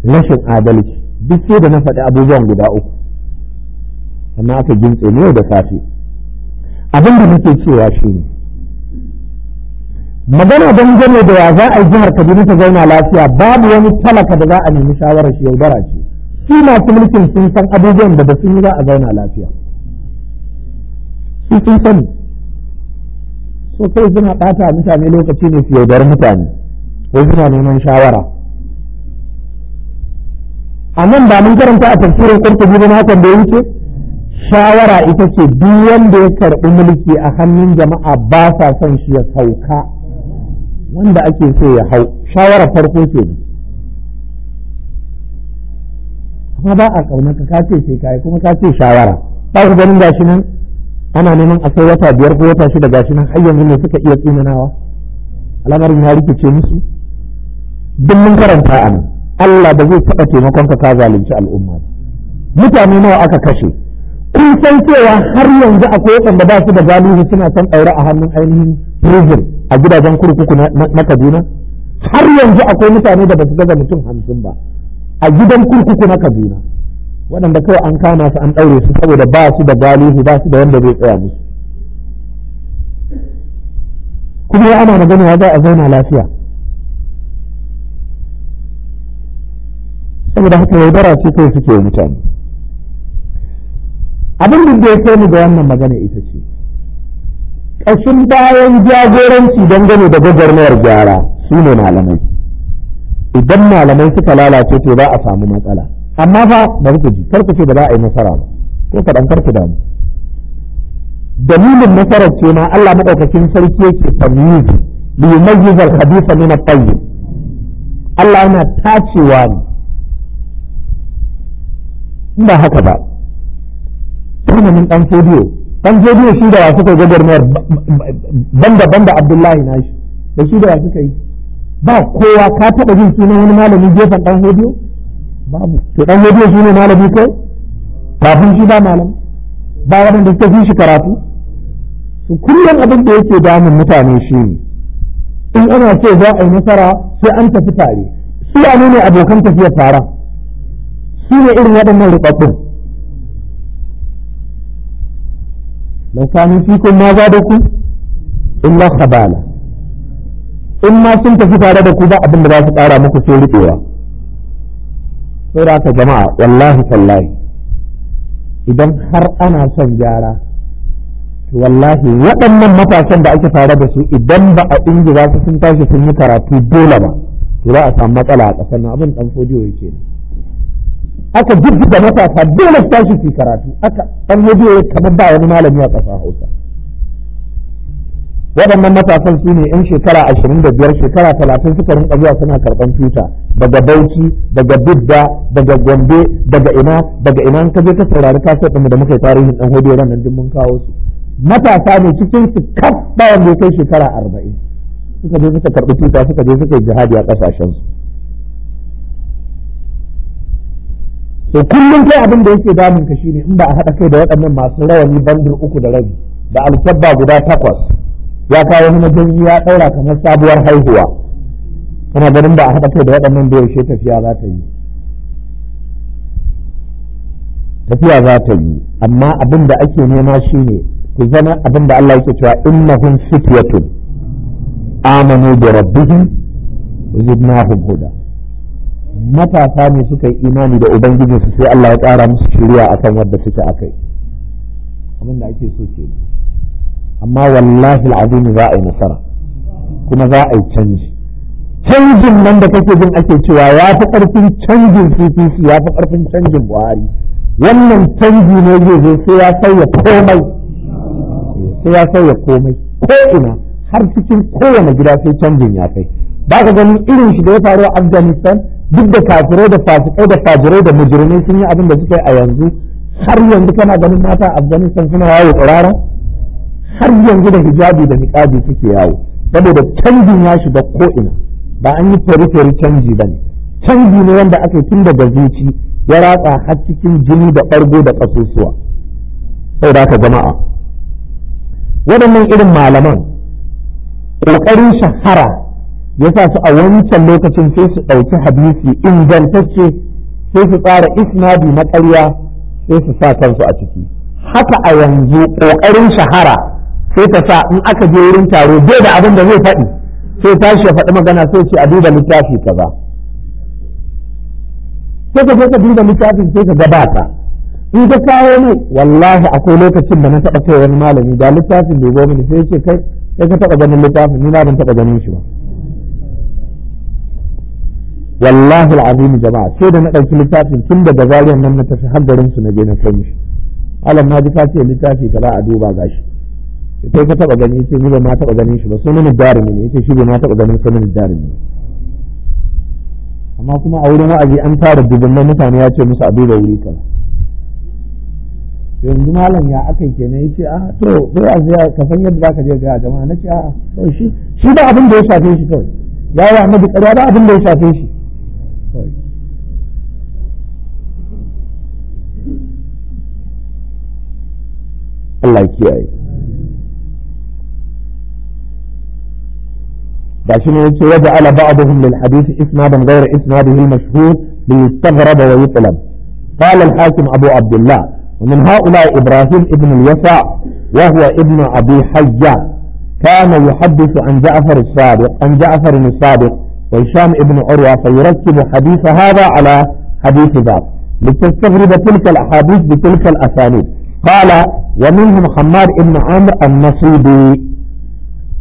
rashin adalci duk sai da na faɗi abubuwan guda uku amma aka gintse ne da safe abin da nake cewa shi ne magana don dangane da ya za a yi jihar kaduna ta zauna lafiya babu wani talaka da za a nemi shawarar shi yaudara ce su masu mulkin sun san abubuwan da ba sun yi za a zauna lafiya su sun sani so kai suna ɓata mutane lokaci ne su yaudari mutane ko suna neman shawara a nan ba mun karanta a tafsirin kurtubi ba hakan da wuce shawara ita ce duk wanda ya karɓi mulki a hannun jama'a ba sa son shi ya sauka wanda ake so ya hau shawara farko ce ne amma ba a ƙaunarka ka ce sai yi kuma ka ce shawara ba ku ganin gashi nan ana neman a wata biyar ko wata shida gashi nan har yanzu ne suka iya tsinanawa al'amarin ya rikice musu duk mun karanta a nan Allah ba zai taɓa taimakon ka ka zalunci al'umma mutane nawa aka kashe kun san cewa har yanzu akwai waɗanda ba su da galihu suna son ɗaure a hannun ainihin prison a gidajen kurkuku na Kaduna har yanzu akwai mutane da ba su gaza mutum hamsin ba a gidan kurkuku na Kaduna waɗanda kawai an kama su an ɗaure su saboda ba su da galihu ba su da wanda zai tsaya musu kuma ya ana magana ya za a zauna lafiya saboda haka yaudara ce kai suke mutane abin da ya kai mu da wannan magana ita ce ƙashin bayan jagoranci dangane da gwagwarmayar gyara su ne malamai idan malamai suka lalace to za a samu matsala amma fa ba ku ji kar ku ce ba za a yi nasara ba ko kaɗan kar ku damu dalilin nasarar ce ma Allah madaukakin sarki yake tamyiz li yumayyiz al-khabitha min at Allah yana tacewa ne in ba haka ba tunanin ɗan fodiyo ɗan fodiyo shi da wasu kai gwagwarmayar banda banda abdullahi na shi da shi da wasu kai ba kowa ka taɓa jin sunan wani malami gefen ɗan fodiyo babu to ɗan fodiyo shi ne malami kai kafin shi ba malam ba waɗanda suka fi shi karatu su kullum abin da yake damun mutane shi ne in ana so za a yi nasara sai an tafi tare su ne abokan tafiyar fara shi ne irin waɗannan rubabbun lau kanu fikum ma zadakum illa khabala in ma sun tafi tare da ku ba abinda da za su ƙara muku sun riƙewa sai da aka jama'a wallahi tallahi idan har ana son gyara wallahi waɗannan matasan da ake tare da su idan ba a ingiza su sun tashi sun yi karatu dole ba to za a samu matsala a ƙasar nan abin ɗan fodiyo yake ne aka jijjiga matasa dole su tashi su karatu aka ɗan waje kamar ba wani malami a ƙasa hausa waɗannan matasan su ne 'yan shekara ashirin da biyar shekara talatin suka rinka zuwa suna karɓar tuta daga bauchi daga bidda daga gombe daga ina daga ina ka je ka saurari kasar sai da muka yi tarihin ɗan hudu ranar duk mun kawo su matasa ne cikin su kaf wanda ya kai shekara arba'in suka je suka karɓi tuta suka je suka yi jihadi a ƙasashensu to kullum kai abin da yake damun ka shine in ba a haɗa kai da waɗannan masu rawani bandir uku da rabi da alsabba guda takwas ya kawo wani majanyi ya ɗaura kamar sabuwar haihuwa kana ganin ba a haɗa kai da waɗannan da yaushe tafiya za ta yi tafiya za ta yi amma abin da ake nema shine ku zama abin da Allah yake cewa innahum fityatun amanu bi rabbihim wa zidnahum huda matasa ne suka yi imani da ubangijinsu sai Allah ya ƙara musu shiriya akan wadda suke a kai abin da ake so ke amma wallahi al'adun za a yi nasara kuma za a yi canji canjin nan da kake jin ake cewa ya fi ƙarfin canjin CPC ya fi ƙarfin canjin Buhari wannan canji ne zai zo sai ya sauya komai sai ya sauya komai ko ina har cikin kowane gida sai canjin ya kai ba ka ganin irin shi da ya faru a Afghanistan duk da kafirai da fasikai da fajirai da mujrimai sun yi abin da suka yi a yanzu har yanzu kana ganin mata a Afghanistan suna yawo tsirara har yanzu da hijabi da niqabi suke yawo saboda canjin ya shiga ko'ina ba an yi feri canji ba ne canji ne wanda aka tun daga zuci ya ratsa har cikin jini da bargo da ƙasusuwa Sai da aka jama'a waɗannan irin malaman ƙoƙarin shahara yasa su a wancan lokacin sai su ɗauki hadisi ingantacce sai su tsara isnadi na ƙarya sai su sa kansu a ciki haka a yanzu ƙoƙarin shahara sai ka sa in aka je wurin taro bai da abin da zai faɗi sai tashi ya faɗi magana sai ce a duba littafi kaza sai ka je ka duba littafin sai ka gabata in ka kawo ne wallahi akwai lokacin da na taɓa kai wani malami da littafin bai zo mini sai ce kai sai ka taɓa ganin littafin ni na ban taɓa ganin shi ba wallahi al'azim jama'a sai da na ɗauki littafin tun daga zariyan nan na tafi har garin su na je na kai mishi alam na ji kace littafi a duba gashi sai ka taba gani ni ba ma taba ganin shi ba sunan ne yace shi ba ma taba ganin sunan amma kuma a wurin wa'azi an tara dubunnan mutane ya ce musu a duba wuri kaza yanzu malam ya aka yi kenan ah, a to ka san yadda je ga jama'a a ah, shi ba abin da ya shafe shi kawai ya yi annabi ƙarya ba abin da ya shafe shi Allah ya kiyaye gashi ne yace waja ala ba'dhum غير hadith isnadan ghayra isnadihi al mashhur li yustaghrab wa yutlab qala al hakim abu abdullah ومن هؤلاء إبراهيم ابن اليسع وهو ابن أبي حية كان يحدث عن جعفر الصادق عن جعفر الصادق وهشام ابن عروة فيرتب حديث هذا على حديث ذاك لتستغرب تلك الأحاديث بتلك الأسانيد قال ومنهم حماد بن عمر النصيبي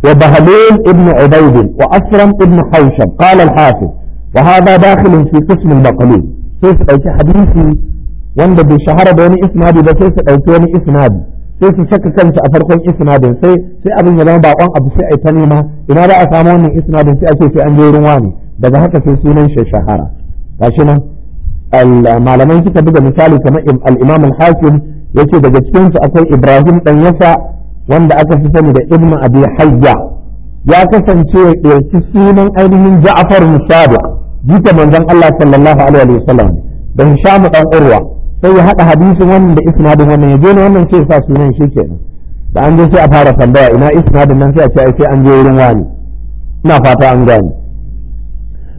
وبهلول بن عبيد وأسرم بن حوشب قال الحافظ وهذا داخل في قسم البقلين سيس أيت حديثي وند بشهر بني إسنادي بسيس أيت بني إسنادي سيس شك كان سأفرق إسنادي سي سي أبن يلون بعوان أبو سيء تنيمة إن هذا أساموني إسنادي سي أشي سي أنجي رواني بذا هكا في سنين شهارة فاشنا المعلمين كتبقى مثالي كما الإمام الحاكم yace daga cikin akwai Ibrahim dan Yasa wanda aka fi sani da Ibn Abi Hayya ya kasance ya ɗauki sunan ainihin Ja'far Musabiq jita manzon Allah sallallahu alaihi wasallam da Hisham dan Urwa sai ya hada hadisin wannan da isnadin wannan ya je ne wannan sai sa sunan shi kenan da an je sai a fara tambaya ina isnadin nan sai a ce ai sai an je wurin wani ina fata an gane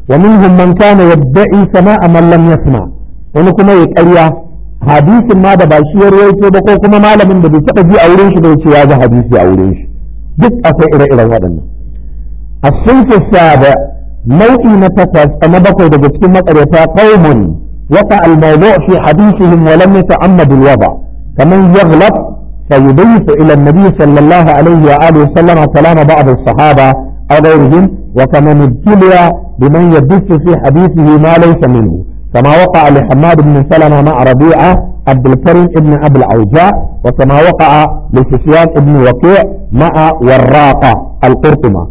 wa minhum man kana yad'i sama'a man lam yasma' wani kuma ya ƙarya hadisin ma da ba shi ya ruwaito ba ko kuma malamin da bai taɓa ji a wurin shi bai yace ya ga hadisi a wurin shi duk akwai ire-iren waɗannan a sunfi da nau'i na takwas a na bakwai daga cikin matsarata qaumun wata al-mawdu fi hadisihim wa lam yata'ammad al-wada kaman yaghlab fa yudayf ila an-nabi sallallahu alayhi wa alihi wa sallam kalama ba'd as-sahaba aw ghayrihim wa kaman ibtuliya biman yadussu fi hadisihi ma laysa minhu كما وقع لحماد بن سلمة مع ربيعة عبد الكريم بن أبي العوجاء وكما وقع لسفيان بن وكيع مع وراقة القرطمة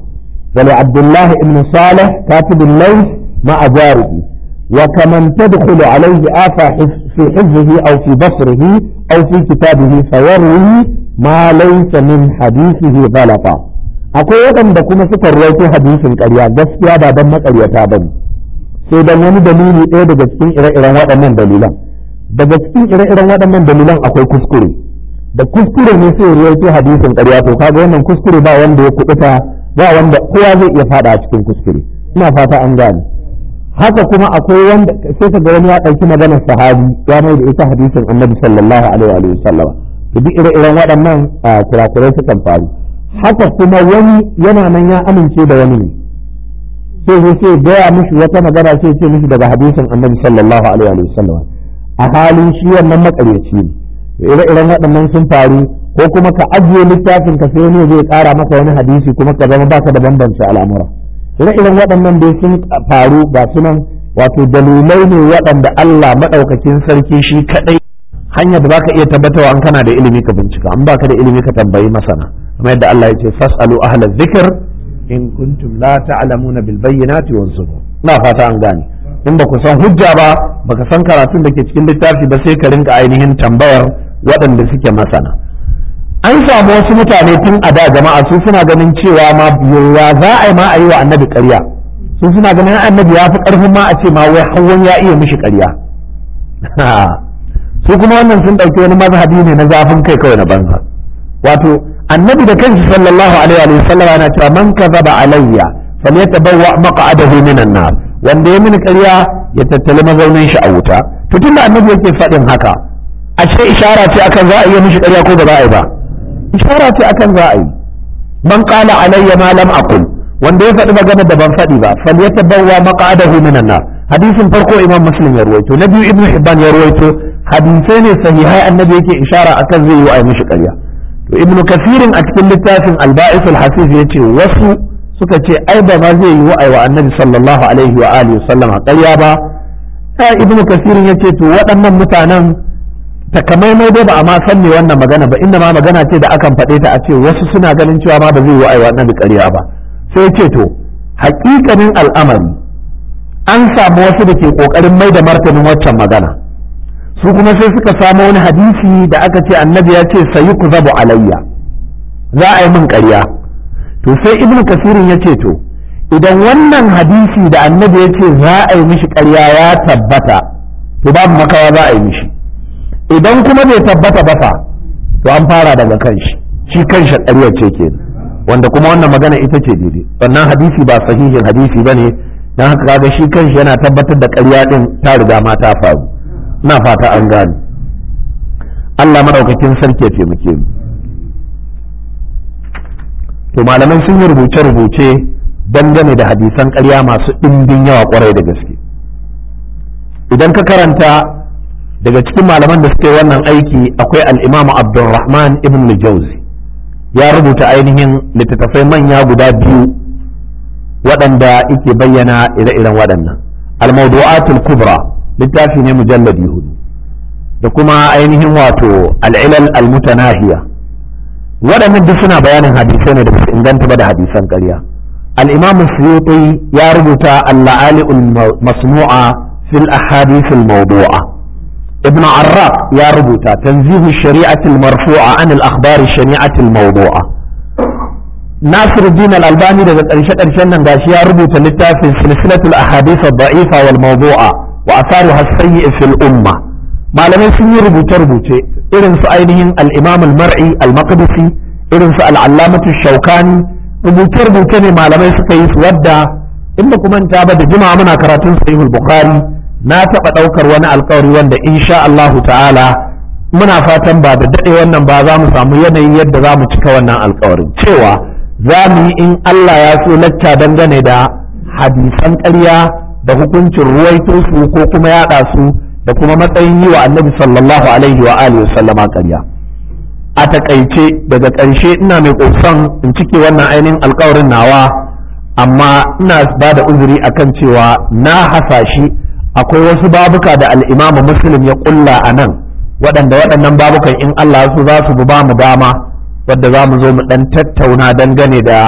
ولعبد الله بن صالح كاتب الليث مع جاره وكمن تدخل عليه آفة في حفظه أو في بصره أو في كتابه فيروي ما ليس من حديثه غلطا أقول لكم بكم سكر ويتي حديث الكريان بس يا بابا ما كريتا بني sai dan wani dalili ɗaya daga cikin ire-iren waɗannan dalilan daga cikin ire-iren waɗannan dalilan akwai kuskure da kuskure ne sai ruwaito hadisin ƙarya to kaga wannan kuskure ba wanda ya kuɗuta ba wanda kowa zai iya faɗa a cikin kuskure ina fata an gane haka kuma akwai wanda sai ka ga wani ya ɗauki maganar sahabi ya mai da ita hadisin annabi sallallahu alaihi wa sallam to duk ire-iren waɗannan ah, kurakurai sukan faru haka kuma wani yana nan ya amince da wani ne sai sai sai gaya musu wata magana sai sai musu daga hadisin annabi sallallahu alaihi wa sallam a halin shi wannan makaryaci ne ire-iren waɗannan sun faru ko kuma ka ajiye littafin ka sai ne zai ƙara maka wani hadisi kuma ka zama baka da bambance al'amura ire-iren waɗannan dai sun faru ga sunan wato dalilai ne waɗanda Allah maɗaukakin sarki shi kaɗai hanyar da baka iya tabbatawa an kana da ilimi ka bincika an baka da ilimi ka tambayi masana kamar yadda Allah ya ce fasalu ahlaz zikr in kuntum la ta'lamuna bil bayyinati wanzuru ina fata an gane in ba ku san hujja ba baka san karatun da ke cikin littafi ba sai ka rinka ainihin tambayar waɗanda suke masana an samu wasu mutane tun a da jama'a su suna ganin cewa ma yawa za a yi ma a yi wa annabi ƙarya sun suna ganin annabi ya fi ƙarfin ma a ce ma wai hawan ya iya mishi ƙarya su kuma wannan sun ɗauki wani mazhabi ne na zafin kai kawai na banza wato annabi da kanshi sallallahu alaihi wa sallam yana cewa man kadhaba alayya falyatabawwa maq'adahu minan nar wanda ya mini ƙarya ya tattali mazaunin shi a wuta to tunda annabi yake faɗin haka ashe ishara ce akan za a yi mishi ƙarya ko ba za a yi ba ishara ce akan za a yi man qala alayya ma lam aqul wanda ya faɗi magana da ban faɗi ba falyatabawwa maq'adahu minan nar hadisin farko imam muslim ya ruwaito na biyu ibnu hibban ya ruwaito hadisai ne sahihai annabi yake ishara akan zai yi wa mishi ƙarya to ibnu kafirin a cikin littafin alba'isul hasif ya ce wasu suka ce ai ba ma zai yi wa'ai wa annabi sallallahu alaihi wa alihi sallam a ƙarya ba ta ibnu kafirin ya ce to waɗannan mutanen takamaimai dai ba a ma san ne wannan magana ba inda ma magana ce da akan faɗe ta a ce wasu suna ganin cewa ma ba zai yi wa'ai wa annabi ƙarya ba sai ya ce to haƙiƙanin al'amari an samu wasu da ke ƙoƙarin mai da martanin waccan magana su kuma sai suka samo wani hadisi da aka ce annabi ya ce sayi ku zabu alayya za a yi min ƙarya to sai ibnu kasirin ya ce to idan wannan hadisi da annabi ya ce za a yi mishi ƙarya ya tabbata to babu makawa za a yi mishi idan kuma bai tabbata ba fa to an fara daga kanshi shi kanshi ƙaryar ce ke wanda kuma wannan magana ita ce daidai wannan hadisi ba sahihin hadisi ba ne don haka kaga shi kanshi yana tabbatar da ƙarya ɗin ta riga ma ta faru na fata an gane Allah madaukakin sarki ya taimake mu to malaman sun yi rubuce-rubuce dangane da hadisan ƙarya masu ɗimbin yawa ƙwarai da gaske idan ka karanta daga cikin malaman da suke wannan aiki akwai al'imamu abdulrahman ibn jauzi ya rubuta ainihin littattafai manya guda biyu waɗanda yake bayyana ire-iren waɗannan al-mawdu'atul kubra littafi ne mujalladi hudu da kuma ainihin wato al'ilal almutanahiya waɗannan duk suna bayanin hadisai ne da su inganta ba da hadisan ƙarya al-imam suyuti ya rubuta al-la'ali al masmu'a fil ahadith al-mawdu'a ibn arraq ya rubuta tanzihu shari'ati al-marfu'a an al-akhbar shari'ati al-mawdu'a nasiruddin al-albani daga ƙarshe ƙarshen nan gashi ya rubuta littafin silsilatul ahadith ad-da'ifa wal mawdu'a wa asaru hasayyi fil umma malamai sun yi rubuce-rubuce irin su ainihin al-imam al-mar'i al-maqdisi irin su al-allamatu shaukani rubuce-rubuce ne malamai suka yi su wadda in ba kuma ta ba da jima muna karatun sahihul bukhari na taɓa ɗaukar wani alkawari wanda insha Allah ta'ala muna fatan ba da daɗe wannan ba za mu samu yanayi yadda za mu cika wannan alƙawarin cewa za mu yi in Allah ya so lacca dangane da hadisan ƙarya da hukuncin ruwaito su ko kuma yaɗa su da kuma matsayin yi wa annabi sallallahu alaihi wa alihi sallama ƙarya a takaice daga ƙarshe ina mai ƙosan in cike wannan ainihin alƙawarin nawa amma ina ba da uzuri a kan cewa na hasashi akwai wasu babuka da al'imamu muslim ya ƙulla a nan waɗanda waɗannan babukan in Allah su za su ba mu dama wadda za mu zo mu ɗan tattauna dangane da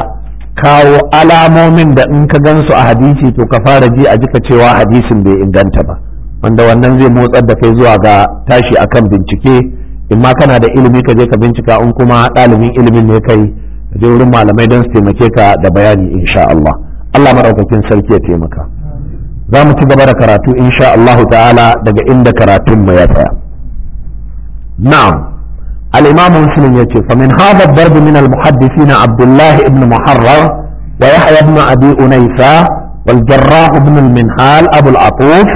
kawo alamomin da in ka gansu a hadisi to ka fara ji a jika cewa hadisin bai inganta ba wanda wannan zai motsar da kai zuwa ga tashi akan bincike in ma kana da ilimi ka je ka bincika in kuma ɗalibin ilimin ne kai je wurin malamai don su taimake ka da bayani insha Allah Allah madaukakin sarki ya taimaka za mu ci gaba da karatu insha Allah ta'ala daga inda karatun mu ya tsaya na'am الإمام مسلم يجي فمن هذا الضرب من المحدثين عبد الله بن محرر ويحيى بن أبي أنيسة والجراح بن المنحال أبو العطوف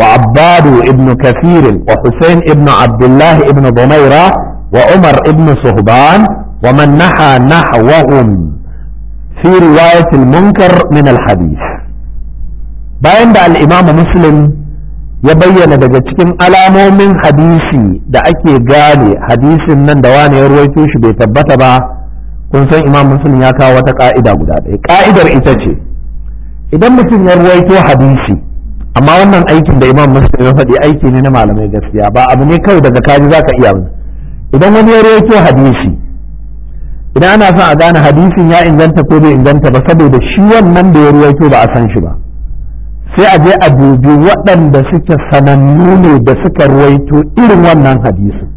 وعباد بن كثير وحسين بن عبد الله بن ضميرة وعمر بن صهبان ومن نحى نحوهم في رواية المنكر من الحديث باين الإمام مسلم ya bayyana daga cikin alamomin hadisi da ake gane hadisin nan da wani ya ruwaito shi bai tabbata ba kun san imam muslim ya kawo wata ka'ida guda ɗaya ka'idar ita ce idan mutum ya ruwaito hadisi amma wannan aikin da imam muslim ya faɗi aiki ne na malamai gaskiya ba abu ne kawai daga kaji za ka iya idan wani ya ruwaito hadisi idan ana son a gane hadisin ya inganta ko bai inganta ba saboda shi wannan da ya ruwaito ba a san shi ba sai a je a dubi waɗanda suke sanannu ne da suka ruwaito irin wannan hadisin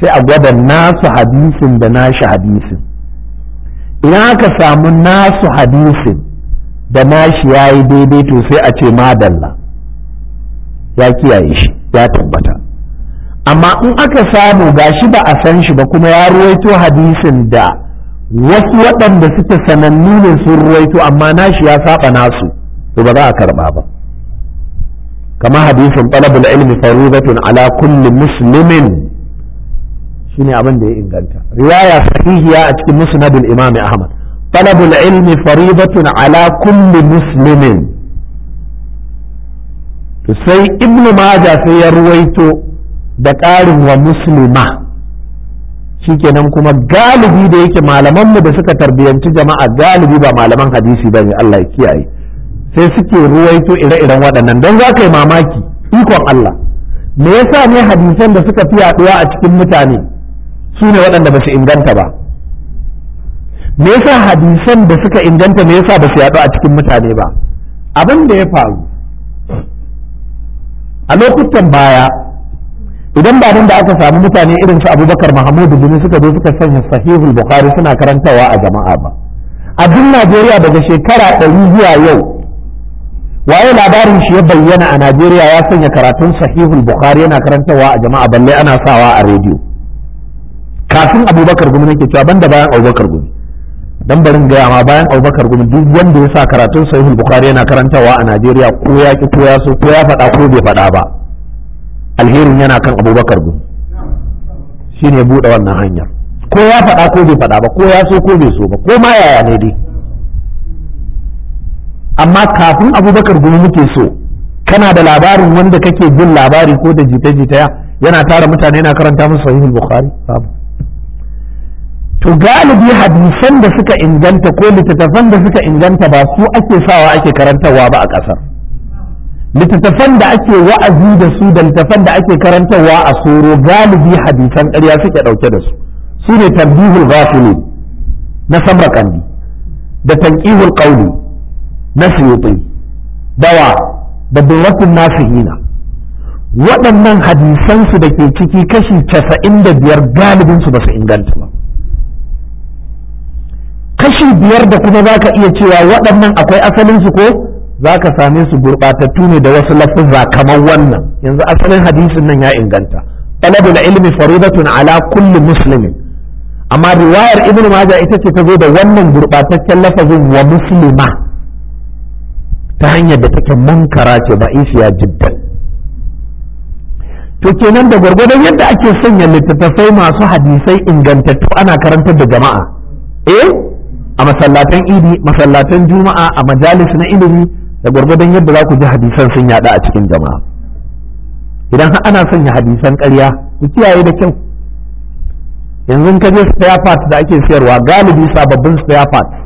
sai a gwada nasu hadisin da nashi hadisin idan aka samu nasu hadisin da nashi ya yi daidai to sai a ce madalla ya kiyaye shi ya tabbata amma in aka samu shi ba a san shi ba kuma ya ruwaito hadisin da wasu waɗanda suke sanannu ne sun ruwaito amma nashi ya saba nasu to ba za a karba ba kama hadisin talabul ilmi faridatun ala kulli muslimin shine abin da ya inganta riwaya sahihiya a cikin musnadul imam ahmad talabul ilmi faridatun ala kulli muslimin to sai ibnu majah sai ya ruwaito da ƙarin wa muslima shikenan kuma galibi da yake malamanmu da suka tarbiyanci jama'a galibi ba malaman hadisi ba ne Allah ya kiyaye sai suke ruwaito ire-iren waɗannan don za ka yi mamaki ikon Allah me yasa ne hadisan da suka fi yaɗuwa a cikin mutane su ne waɗanda ba su inganta ba me yasa hadisan da suka inganta me yasa ba su yaɗu a cikin mutane ba abin da ya faru a lokutan baya idan ba nan da aka samu mutane irin su abubakar mahamudu bin suka zo suka sanya sahihul bukhari suna karantawa a jama'a ba a duk najeriya daga shekara ɗari zuwa yau waye labarin shi ya bayyana a Najeriya ya sanya karatun sahihul Bukhari yana karantarwa a jama'a balle ana sawa a rediyo kafin Abubakar gumi nake cewa banda bayan Abubakar gumi dan barin gaya ma bayan Abubakar gumi duk wanda ya sa karatun sahihul Bukhari yana karantawa a Najeriya ko ya ki ko ya so ko ya faɗa ko bai faɗa ba alherin yana kan Abubakar gumi shine bude wannan hanya ko ya faɗa ko bai faɗa ba ko ya so ko bai so ba ko ma yaya ne dai amma kafin abubakar gumi muke so kana da labarin wanda kake jin labari ko da jita-jita yana tara mutane yana karanta musu sahihul bukhari to galibi hadisan da suka inganta ko littattafan da suka inganta ba su ake sawa ake karantarwa ba a ƙasar littattafan da ake wa'azi da su da littattafan da ake karantarwa a soro galibi hadisan ƙarya suke ɗauke da su su ne tambihul ghafilin na kandi da tanqihul qawli na suyuti dawa da duratun nasihina waɗannan hadisansu da ke ciki kashi casa'in da biyar galibinsu ba su inganta ba kashi biyar da kuma za ka iya cewa waɗannan akwai asalinsu ko za ka same su gurɓatattu ne da wasu lafuzza kamar wannan yanzu asalin hadisin nan ya inganta talabul ilmi faridatun ala kulli muslimin amma riwayar ibnu majah ita ce ta zo da wannan gurɓataccen lafazin wa muslima ta hanyar da take munkara ce ba isiya jiddan to kenan da gwargwadon yadda ake sanya littattafai masu hadisai ingantattu ana karantar da jama'a eh a masallatan idi masallatan juma'a a majalis na ilimi da gwargwadon yadda za ku ji hadisan sun yada a cikin jama'a idan ana sanya hadisan ƙarya ku kiyaye da kyau yanzu ka je spare parts da ake sayarwa galibi sababbin spare parts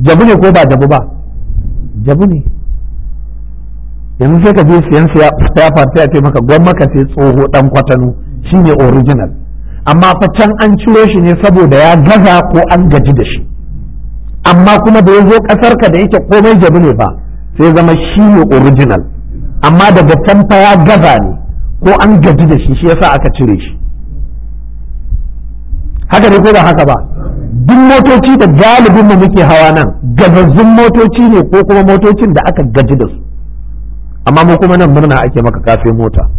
jabu ne ko ba jabu ba jabu ne yanzu sai ka je siyan siyafar sai a ce maka gwamma ka sai tsoho dan kwatano shine original amma fa can an ciro shi ne saboda ya gaza ko an gaji da shi amma kuma da ya zo kasar ka da yake komai jabi ne ba sai zama shi ne original amma daga can fa ya gaza ne ko an gaji da shi shi yasa aka cire shi haka ne ko ba haka ba duk motoci da galibin mu muke hawa nan gazazzun motoci ne ko kuma motocin da aka gaji da su amma mu kuma nan murna ake maka kafe mota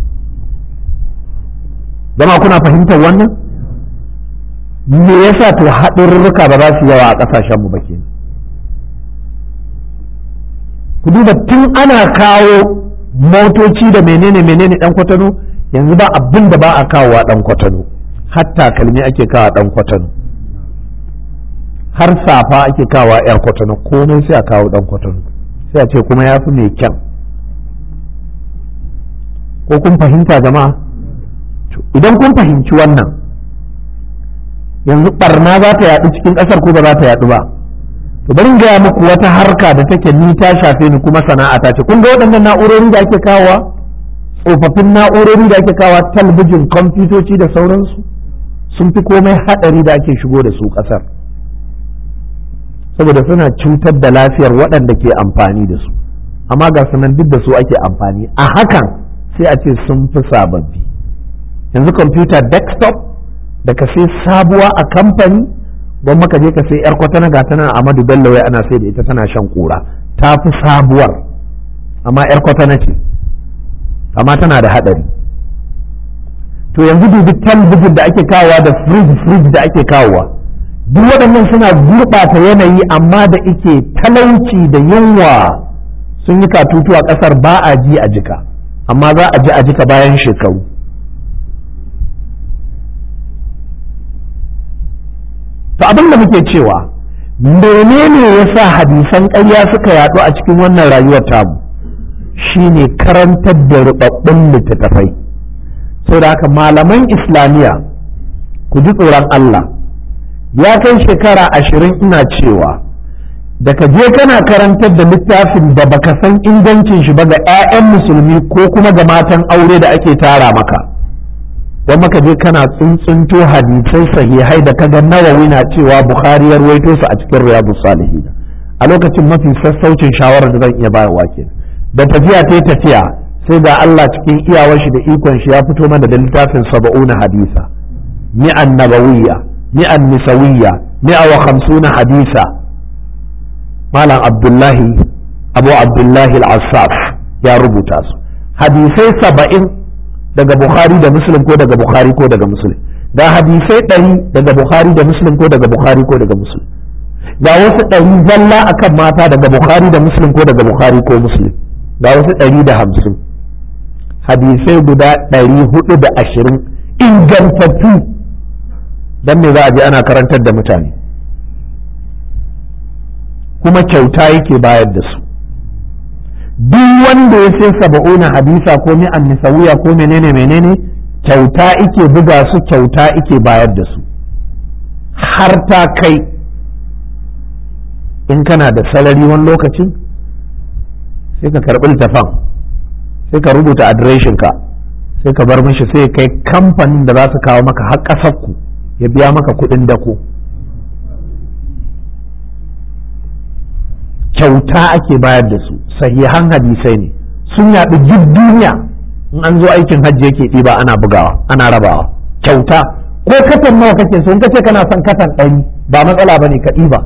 zama kuna fahimtar wannan me yasa to haɗurruka ba za su yawa a ƙasashen mu ba ke ku duba tun ana kawo motoci da menene menene ɗan kwatano yanzu ba abin da ba a kawowa ɗan kwatano hatta kalmi ake kawa ɗan kwatano har safa ake kawa 'yar kwatano komai sai a kawo ɗan kwatano sai a ce kuma ya fi mai kyan ko kun fahimta jama'a idan kun fahimci wannan yanzu barna za ta yaɗu cikin ƙasar ko ba za ta yaɗu ba to bari gaya muku wata harka da take ni ta shafe ni kuma sana'a ta ce kun ga waɗannan na'urori da ake kawowa tsofaffin na'urori da ake kawowa talbijin kwamfutoci da sauransu sun fi komai haɗari da ake shigo da su ƙasar saboda suna cutar da lafiyar waɗanda ke amfani da su amma ga sanan duk da su ake amfani a hakan sai a ce sun fi sababbi yanzu kwamfuta desktop da ka sai sabuwa a kamfani don maka je ka sai yar kwatana ga tana amadu bello ya ana sai da ita tana shan kura ta fi sabuwar amma yar kwatana ce amma tana da haɗari to yanzu dubi talbijin da ake kawowa da fridge fridge da ake kawowa duk waɗannan suna gurɓata yanayi amma da ike talauci da yunwa sun yi katutu a ƙasar ba a ji a jika amma za a ji a jika bayan shekaru to abin da muke cewa menene ya sa hadisan ƙarya suka yaɗu a cikin wannan rayuwar tamu shine karantar da rubabbin littattafai da haka malaman islamiyya ku ji tsoron Allah ya kai shekara ashirin ina cewa da ka je kana karantar da littafin da baka san ingancin shi ba ga 'ya'yan musulmi ko kuma ga matan aure da ake tara maka don maka je kana tsuntsunto hadisai sahihai da kaga nawawi na cewa bukhari ya ruwaito su a cikin riyadu salihin a lokacin mafi sassaucin shawarar da zan iya bayarwa ke da tafiya ta tafiya sai ga Allah cikin iyawar shi da ikon shi ya fito mana da littafin saba'una hadisa mi'an nabawiyya mi'an nisawiyya mi'a wa hadisa malam abdullahi abu abdullahi al-assaf ya rubuta su hadisai saba'in daga bukhari da muslim ko daga bukhari ko daga muslim ga hadisai ɗari daga bukhari da muslim ko daga bukhari ko daga muslim ga wasu ɗari zalla a kan mata daga bukhari da muslim ko daga bukhari ko muslim ga wasu ɗari da hamsin hadisai guda ɗari hudu da ashirin ingantattu don me za a je ana karantar da mutane kuma kyauta yake bayar da su duk wanda ya sai saba'una hadisa ko an nisawiya ko menene menene kyauta ike buga su kyauta ike bayar da su har ta kai in kana da salari wani lokacin sai ka karɓi littafan sai ka rubuta adireshinka sai ka bar mishi sai kai kamfanin da za su kawo maka har ƙasar ku ya biya maka kuɗin dako kyauta ake bayar da su sahihan hadisai ne sun yaɗu duk duniya in an zo aikin hajji yake ɗiba ana bugawa ana rabawa kyauta ko katan nawa kake so in kace kana son katon ɗari ba matsala bane ka ɗiba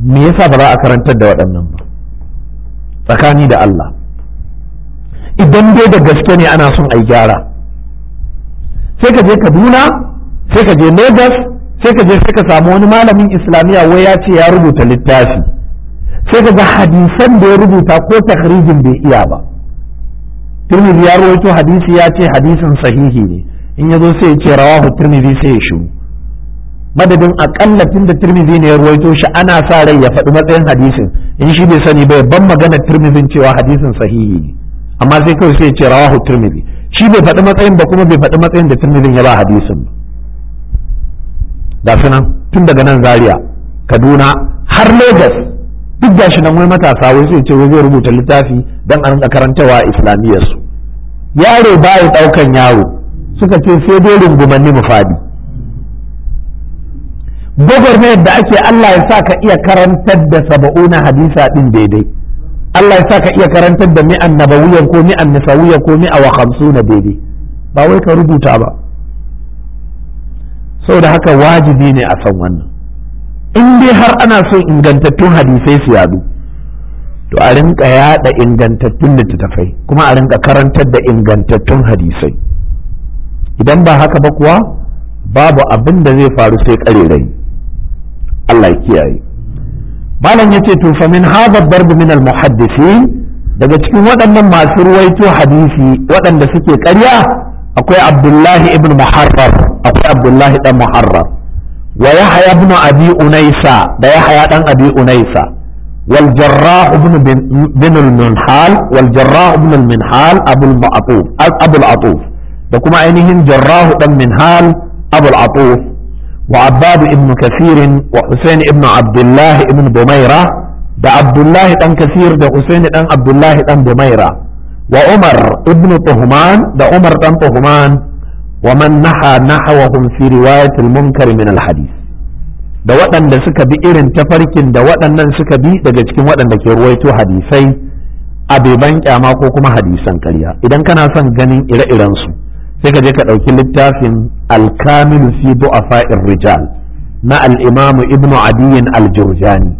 me yasa ba za a karantar da waɗannan ba tsakani da Allah idan dai da gaske ne ana son a gyara sai ka je Kaduna sai ka je Lagos sai ka je sai ka samu wani malamin islamiyya wai ya ce ya rubuta littafi sai ka ga hadisan da ya rubuta ko takrijin bai iya ba tirmidhi ya rawaito hadisi ya ce hadisin sahihi ne in ya zo sai ya ce rawahu tirmidhi sai ya shiru madadin akalla tun da tirmidhi ne ya rawaito shi ana sa rai ya faɗi matsayin hadisin in shi bai sani ya ban magana tirmidhin cewa hadisin sahihi ne amma sai kawai sai ya ce rawahu tirmidhi shi bai faɗi matsayin ba kuma bai faɗi matsayin da tirmidhin ya ba hadisin ba ga nan tun daga nan zaria kaduna har lagos duk da shi nan wai matasa wai sai ce wai zai rubuta littafi dan a rinka karantawa islamiyyar su yaro baya daukan yaro suka ce sai dai rungumanni mu fadi gwagwarmayar da ake Allah ya sa ka iya karantar da saba'una hadisa din daidai Allah ya sa ka iya karantar da mi'an nabawiyyan ko mi'an nisawiyyan ko mi'a wa khamsuna daidai ba wai ka rubuta ba saboda haka wajibi ne a san wannan in dai har ana son ingantattun hadisai su yadu to a rinka yada ingantattun littattafai kuma a rinka karantar da ingantattun hadisai idan ba haka ba kuwa babu abin da zai faru sai karerai Allah ya kiyaye malam yace to fa min hadha darb min al muhaddisin daga cikin waɗannan masu ruwaito hadisi waɗanda suke ƙarya akwai abdullahi ibn muharrar عبد الله بن محرر ويحيى بن ابي انيسه ده يحيى بن ابي انيسه والجراح بن بن المنحال والجراح بن المنحال ابو المعطوف ابو العطوف وكما عينهم جراح بن منحال ابو العطوف وعباد ابن كثير وحسين ابن عبد الله ابن بميرة ده عبد الله بن كثير ده حسين بن عبد الله بن بميرة وعمر ابن طهمان ده عمر بن طهمان wa man na hawa fi riwayatil munkar min da waɗanda suka bi irin tafarkin da waɗannan suka bi daga cikin waɗanda ke ruwaito hadisai abeban kyama ko kuma hadisan karya idan kana son ganin ire-iren su sai ka je ka ɗauki littafin alkamilu fi du'afa'ir rijal na al'imamu ibnu adiyin aljurjani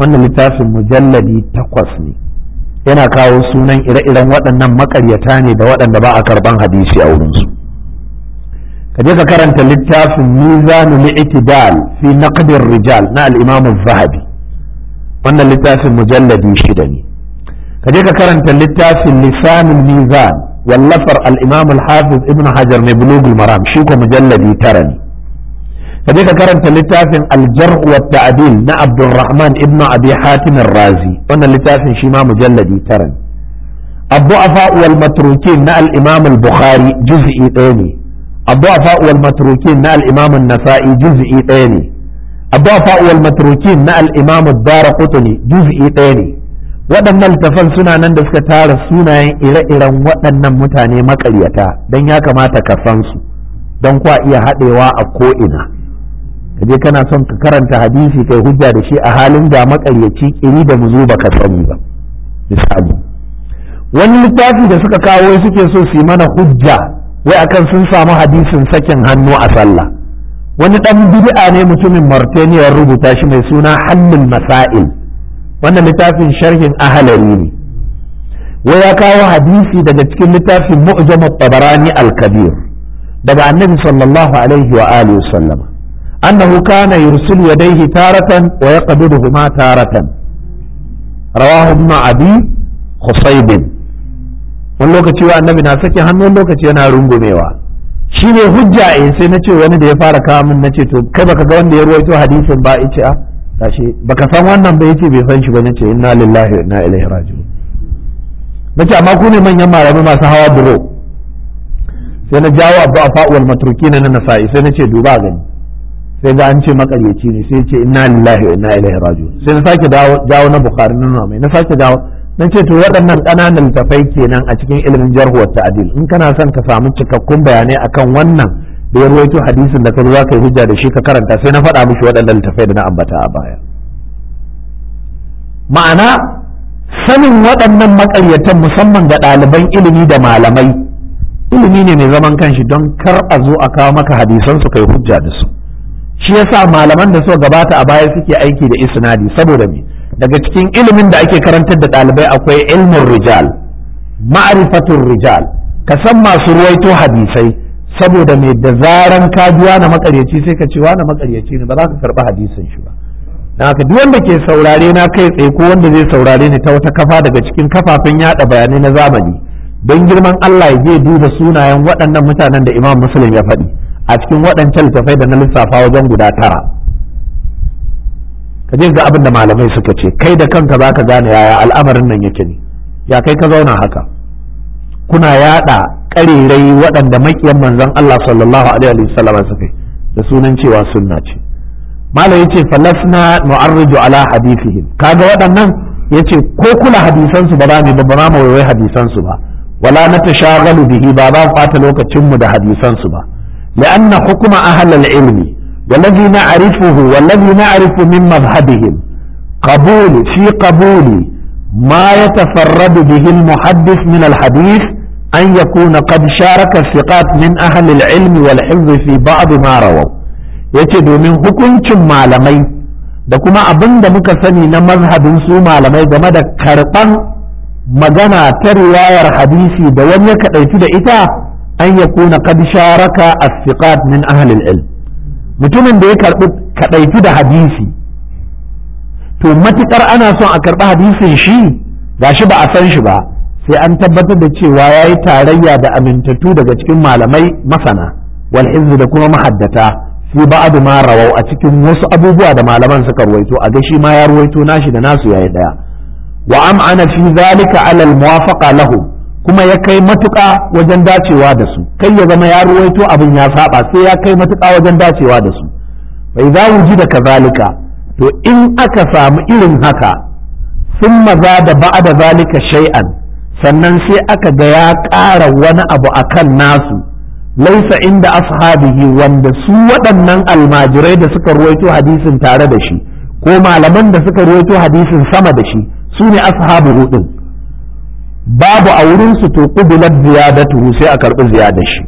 wannan littafin mujalladi takwas ne yana kawo sunan ire-iren waɗannan makaryata ne da waɗanda ba a karban hadisi a wurinsu كذلك كرنت للتاف ميزان الاعتدال في نقد الرجال نا الإمام الذهبي وأن للتاف مجلد يشدني كذلك كرنت للتاف لسان الميزان واللفر الإمام الحافظ ابن حجر مبلوغ المرام شوك مجلد يترني كذلك كرنت للتاف الجرء والتعديل نا عبد الرحمن ابن أبي حاتم الرازي وأن للتاف شما مجلد يترني الضعفاء والمتروكين نا الإمام البخاري جزء ثاني إيه addu'afa wal matrukin na Al'imamin nasai juzu'i ɗaya ne addu'afa wal matrukin na al Bara ad juzu'i ɗaya ne waɗannan littafan suna nan da suka tara sunayen ire-iren waɗannan mutane maƙaryata don ya kamata ka san su don kwa iya haɗewa a ko'ina je kana son ka karanta hadisi kai hujja da shi a halin da maƙaryaci ƙiri da muzu ba ka sani ba misali wani littafi da suka kawo wai suke so su mana hujja wai akan sun samu hadisin sakin hannu a sallah wani dan bid'a ne mutumin Mauritania rubuta shi mai suna Hannul Masail wannan littafin sharhin ahalari ne wai ya kawo hadisi daga cikin littafin Mu'jam at-Tabarani al-Kabir daga Annabi sallallahu alaihi wa alihi wasallam annahu kana yursilu yadayhi taratan wa yaqbiduhuma taratan rawahu ibn Abi wani lokaci wa annabi na sake hannu wani lokaci yana rungumewa shi ne hujja a eh, sai na ce wani da ya fara kawo min na ce to kai baka ga wanda ya ruwaito hadisin ba ya ce a ah, tashi baka san wannan ba ce bai san shi ba na ce inna lillahi wa inna ilaihi raji'un na ce amma ku ne manyan malamai masu hawa buro sai na jawo abu a fa'uwar maturki na nasa'i sai na ce duba gani sai ga an ce makaryaci ne sai ce inna lillahi wa inna ilaihi raji'un sai na sake jawo na bukari na mai na sake jawo na ce to waɗannan ƙananan tafai kenan a cikin ilimin jarhuwar ta'adil in kana son ka samu cikakkun bayanai akan wannan da ya ruwaito hadisin da ka zo ka yi hujja da shi ka karanta sai na faɗa mishi waɗannan tafai da na ambata a baya ma'ana sanin waɗannan maƙaryatan musamman ga ɗaliban ilimi da malamai ilimi ne mai zaman kanshi don kar a zo a kawo maka hadisan su kai hujja da su shi yasa malaman da suka gabata a baya suke aiki da isnadi saboda me daga cikin ilimin da ake karantar da ɗalibai akwai ilmin rijal ma'arifatun rijal ka san masu ruwaito hadisai saboda mai da zaran ka biya na makaryaci sai ka ce na makaryaci ne ba za ka karɓi hadisin shi ba na haka duk wanda ke saurare na kai tsaye ko wanda zai saurare ni ta wata kafa daga cikin kafafen yaɗa bayanai na zamani don girman Allah ya je duba sunayen waɗannan mutanen da Imam Muslim ya faɗi a cikin waɗancan littattafai da na lissafa wajen guda tara ka je ga abin da malamai suka ce kai da kanka zaka ka gane yaya al'amarin nan yake ne ya kai ka zauna haka kuna yada karerai waɗanda maƙiyan manzon Allah sallallahu alaihi wasallam suka da sunan cewa sunna ce malam yace falasna nu'arriju ala hadithihim kaga waɗannan yace ko kula hadisan su ba za mu ba ba mu wai hadisan su ba wala natashagalu bihi ba ba fata lokacin mu da hadisan su ba la'anna hukuma ahlul ilmi والذي نعرفه والذي نعرف من مذهبهم قبول في قبول ما يتفرد به المحدث من الحديث أن يكون قد شارك الثقات من أهل العلم والحفظ في بعض ما رووا yace domin hukuncin malamai da kuma abin da muka sani na mazhabin su malamai game da karɓan magana ta riwayar hadisi da wani ya kaɗaitu da ita an ya kuna kad sharaka as min ahlil ilm mutumin da ya karɓi kaɗaitu da hadisi to matuƙar ana son a karɓi hadisin shi shi ba a san shi ba sai an tabbatar da cewa ya yi tarayya da amintattu daga cikin malamai masana wal da kuma mahaddata su ba'adu ma rawau a cikin wasu abubuwa da malaman suka ruwaito a gashi ma ya ruwaito nashi da nasu yayi daya wa am'ana fi zalika alal muwafaqa lahu kuma ya kai matuƙa wajen dacewa da su kai ya zama ya ruwaito abin ya saba sai ya kai matuƙa wajen dacewa da su bai za ji da kazalika to in aka samu irin haka sun maza da ba'a da zalika shay'an sannan sai aka ga ya ƙara wani abu a kan nasu laisa inda ashabihi wanda su waɗannan almajirai da suka ruwaito hadisin tare da shi ko malaman da suka ruwaito hadisin sama da shi su ne ashabu hudun babu a wurin su to kubulat ziyadatu sai a karbi ziyadar shi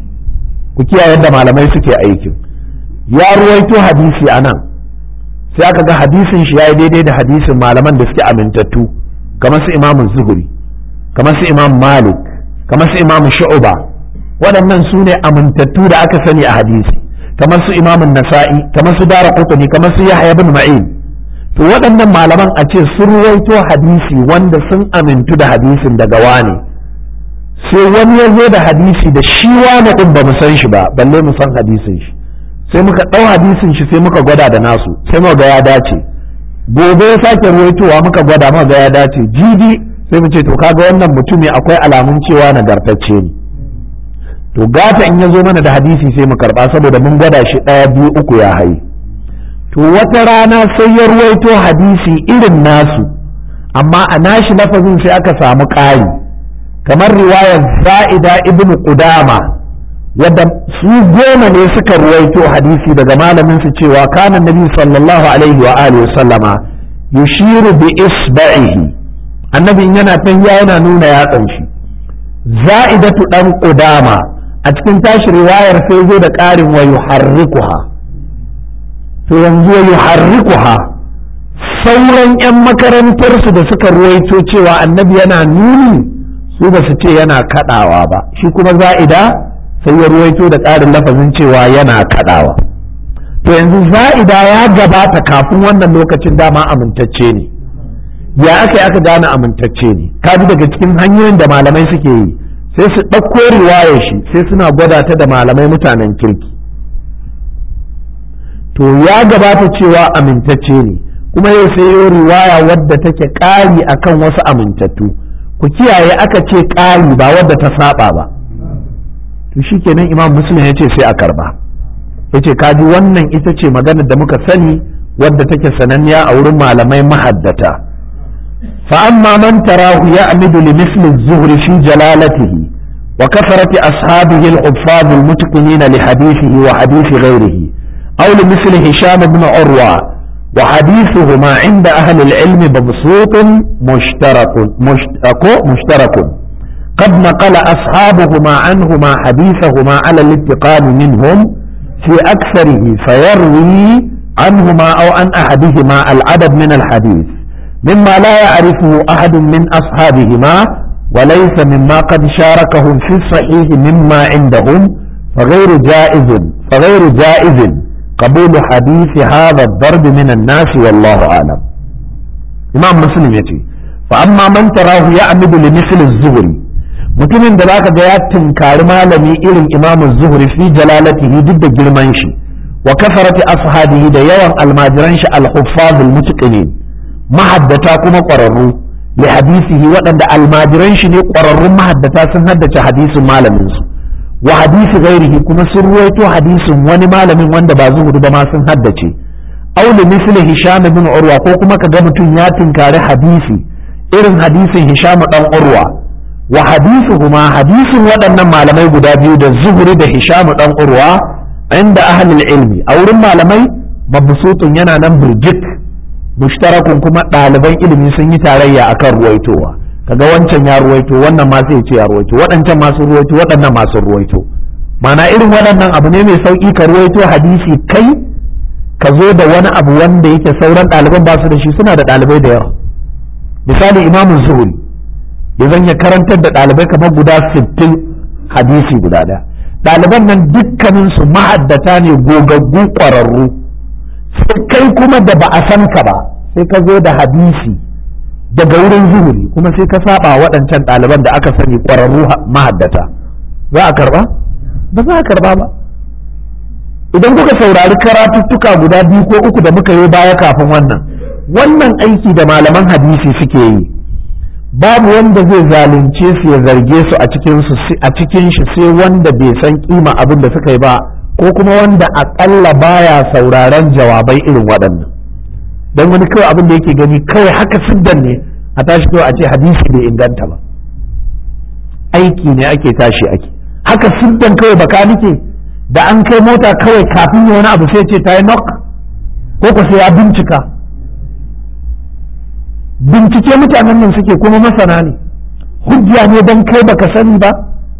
ku kiyaye yadda malamai suke aikin ya ruwaito hadisi anan sai aka ga hadisin shi yayi daidai da hadisin malaman da suke amintattu kamar su imamu zuhuri kamar su imam malik kamar su imam shu'ba waɗannan su ne amintattu da aka sani a hadisi kamar su imam nasa'i kamar su dara kamar su yahya bin ma'in to waɗannan malaman a ce sun ruwaito hadisi wanda sun amintu da hadisin daga wani sai wani ya zo da hadisi da shi wani ɗin ba mu san shi ba balle mu san hadisin shi sai muka ɗau hadisin shi sai muka gwada da nasu sai muka ga ya dace gobe ya sake ruwaitowa muka gwada muka ga ya dace jidi sai mu ce to kaga wannan mutumin akwai alamun cewa nagartacce ne to gata in ya zo mana da hadisi sai mu karɓa saboda mun gwada shi ɗaya biyu uku ya hayi to wata rana sai ya ruwaito hadisi irin nasu amma a nashi lafazin sai aka samu ƙari kamar riwayar za'ida ibn qudama yadda su goma ne suka ruwaito hadisi daga malamin su cewa kana nabi sallallahu alaihi wa alihi sallama yushiru bi isba'ihi annabi yana tahiya yana nuna yatsan shi za'idatu dan qudama a cikin tashi riwayar sai zo da ƙarin wa yuharrikuha to yanzu ya harrikuha sauran 'yan makarantarsu da suka ruwaito cewa annabi yana nuni su ba su ce yana kaɗawa ba shi kuma za'ida sai ya ruwaito da ƙarin lafazin cewa yana kaɗawa. to yanzu za'ida ya gabata kafin wannan lokacin dama amintacce ne ya aka yi aka gane amintacce ne kaji daga cikin hanyoyin da malamai suke yi sai su ɗauko riwayar shi sai suna gwada ta da malamai mutanen kirki to ya gabata cewa amintacce ne kuma yau sai yau riwaya wadda take ƙari akan wasu amintattu ku kiyaye aka ce ƙari ba wadda ta saba ba to shikenan imam muslim ya ce sai a karba ya ce kaji wannan ita ce maganar da muka sani wadda take sananniya a wurin malamai mahaddata fa amma man tarahu ya'midu li misli zuhri fi jalalatihi wa kafarati ashabihi al-huffaz al-mutqinin li hadithihi wa hadithi ghayrihi أو لمثل هشام بن عروة وحديثهما عند أهل العلم مبسوط مشترك مشترك, مشترك قد نقل أصحابهما عنهما حديثهما على الاتقان منهم في أكثره فيروي عنهما أو عن أحدهما العدد من الحديث مما لا يعرفه أحد من أصحابهما وليس مما قد شاركهم في الصحيح مما عندهم فغير جائز فغير جائز قبول حديث هذا الضرب من الناس والله أعلم إمام مسلم يتي فأما من تراه يعمد لمثل الزهري mutumin da zaka ga ya tunkari malami irin imamun zuhri fi jalalatihi duk da girman shi wa kafarati ashabihi da yawan almajiran shi al-huffazul mahaddata kuma ƙwararru li hadisihi waɗanda almajiran shi ne ƙwararrun mahaddata sun haddace hadisin malamin su wa hadisi gairihi kuma sun ruwaito hadisin wani malamin wanda ba zuhuri ba ma sun haddace aulu misli hisham ibn urwa ko kuma ka kaga mutum ya tinkari hadisi irin hadisin hisham dan urwa wa kuma hadisin waɗannan malamai guda biyu da zuhuri da hisham dan urwa inda ahlul ilmi a wurin malamai mabsutun yana nan burjik mushtarakun kuma ɗaliban ilimi sun yi tarayya akan ruwaitowa kaga wancan ya ruwaito wannan ma sai ce ya ruwaito waɗancan masu ruwaito waɗannan masu ruwaito ma'ana irin waɗannan abu ne mai sauki ka ruwaito hadisi kai ka zo da wani abu wanda yake sauran ɗaliban ba su da shi suna da ɗalibai da yawa misali imamu zuhuri ya zan karantar da ɗalibai kamar guda sittin hadisi guda ɗaya ɗaliban nan dukkaninsu mahaddata ne gogaggu ƙwararru sai kai kuma da ba a san ka ba sai ka zo da hadisi daga wurin zuhuri kuma sai ka saba waɗancan ɗaliban da aka sani ƙwararru mahaddata za a karba ba za a karba ba idan kuka saurari karatuttuka guda biyu ko uku da muka yi baya kafin wannan wannan aiki da malaman hadisi suke yi babu wanda zai zalunce su ya zarge su a cikin shi sai wanda bai san kima abin da suka yi ba ko kuma wanda aƙalla baya sauraron jawabai irin waɗannan Don wani kawai abin da yake gani kawai haka siddan ne a tashi kawai a ce hadisi bai inganta ba aiki ne ake tashi ake haka siddan kawai baka nike da an kai mota kawai kafin ya wani abu sai ce ta yi nok ko ko sai ya bincika bincike mutanen nan suke kuma masana ne hujja ne don kai baka sani ba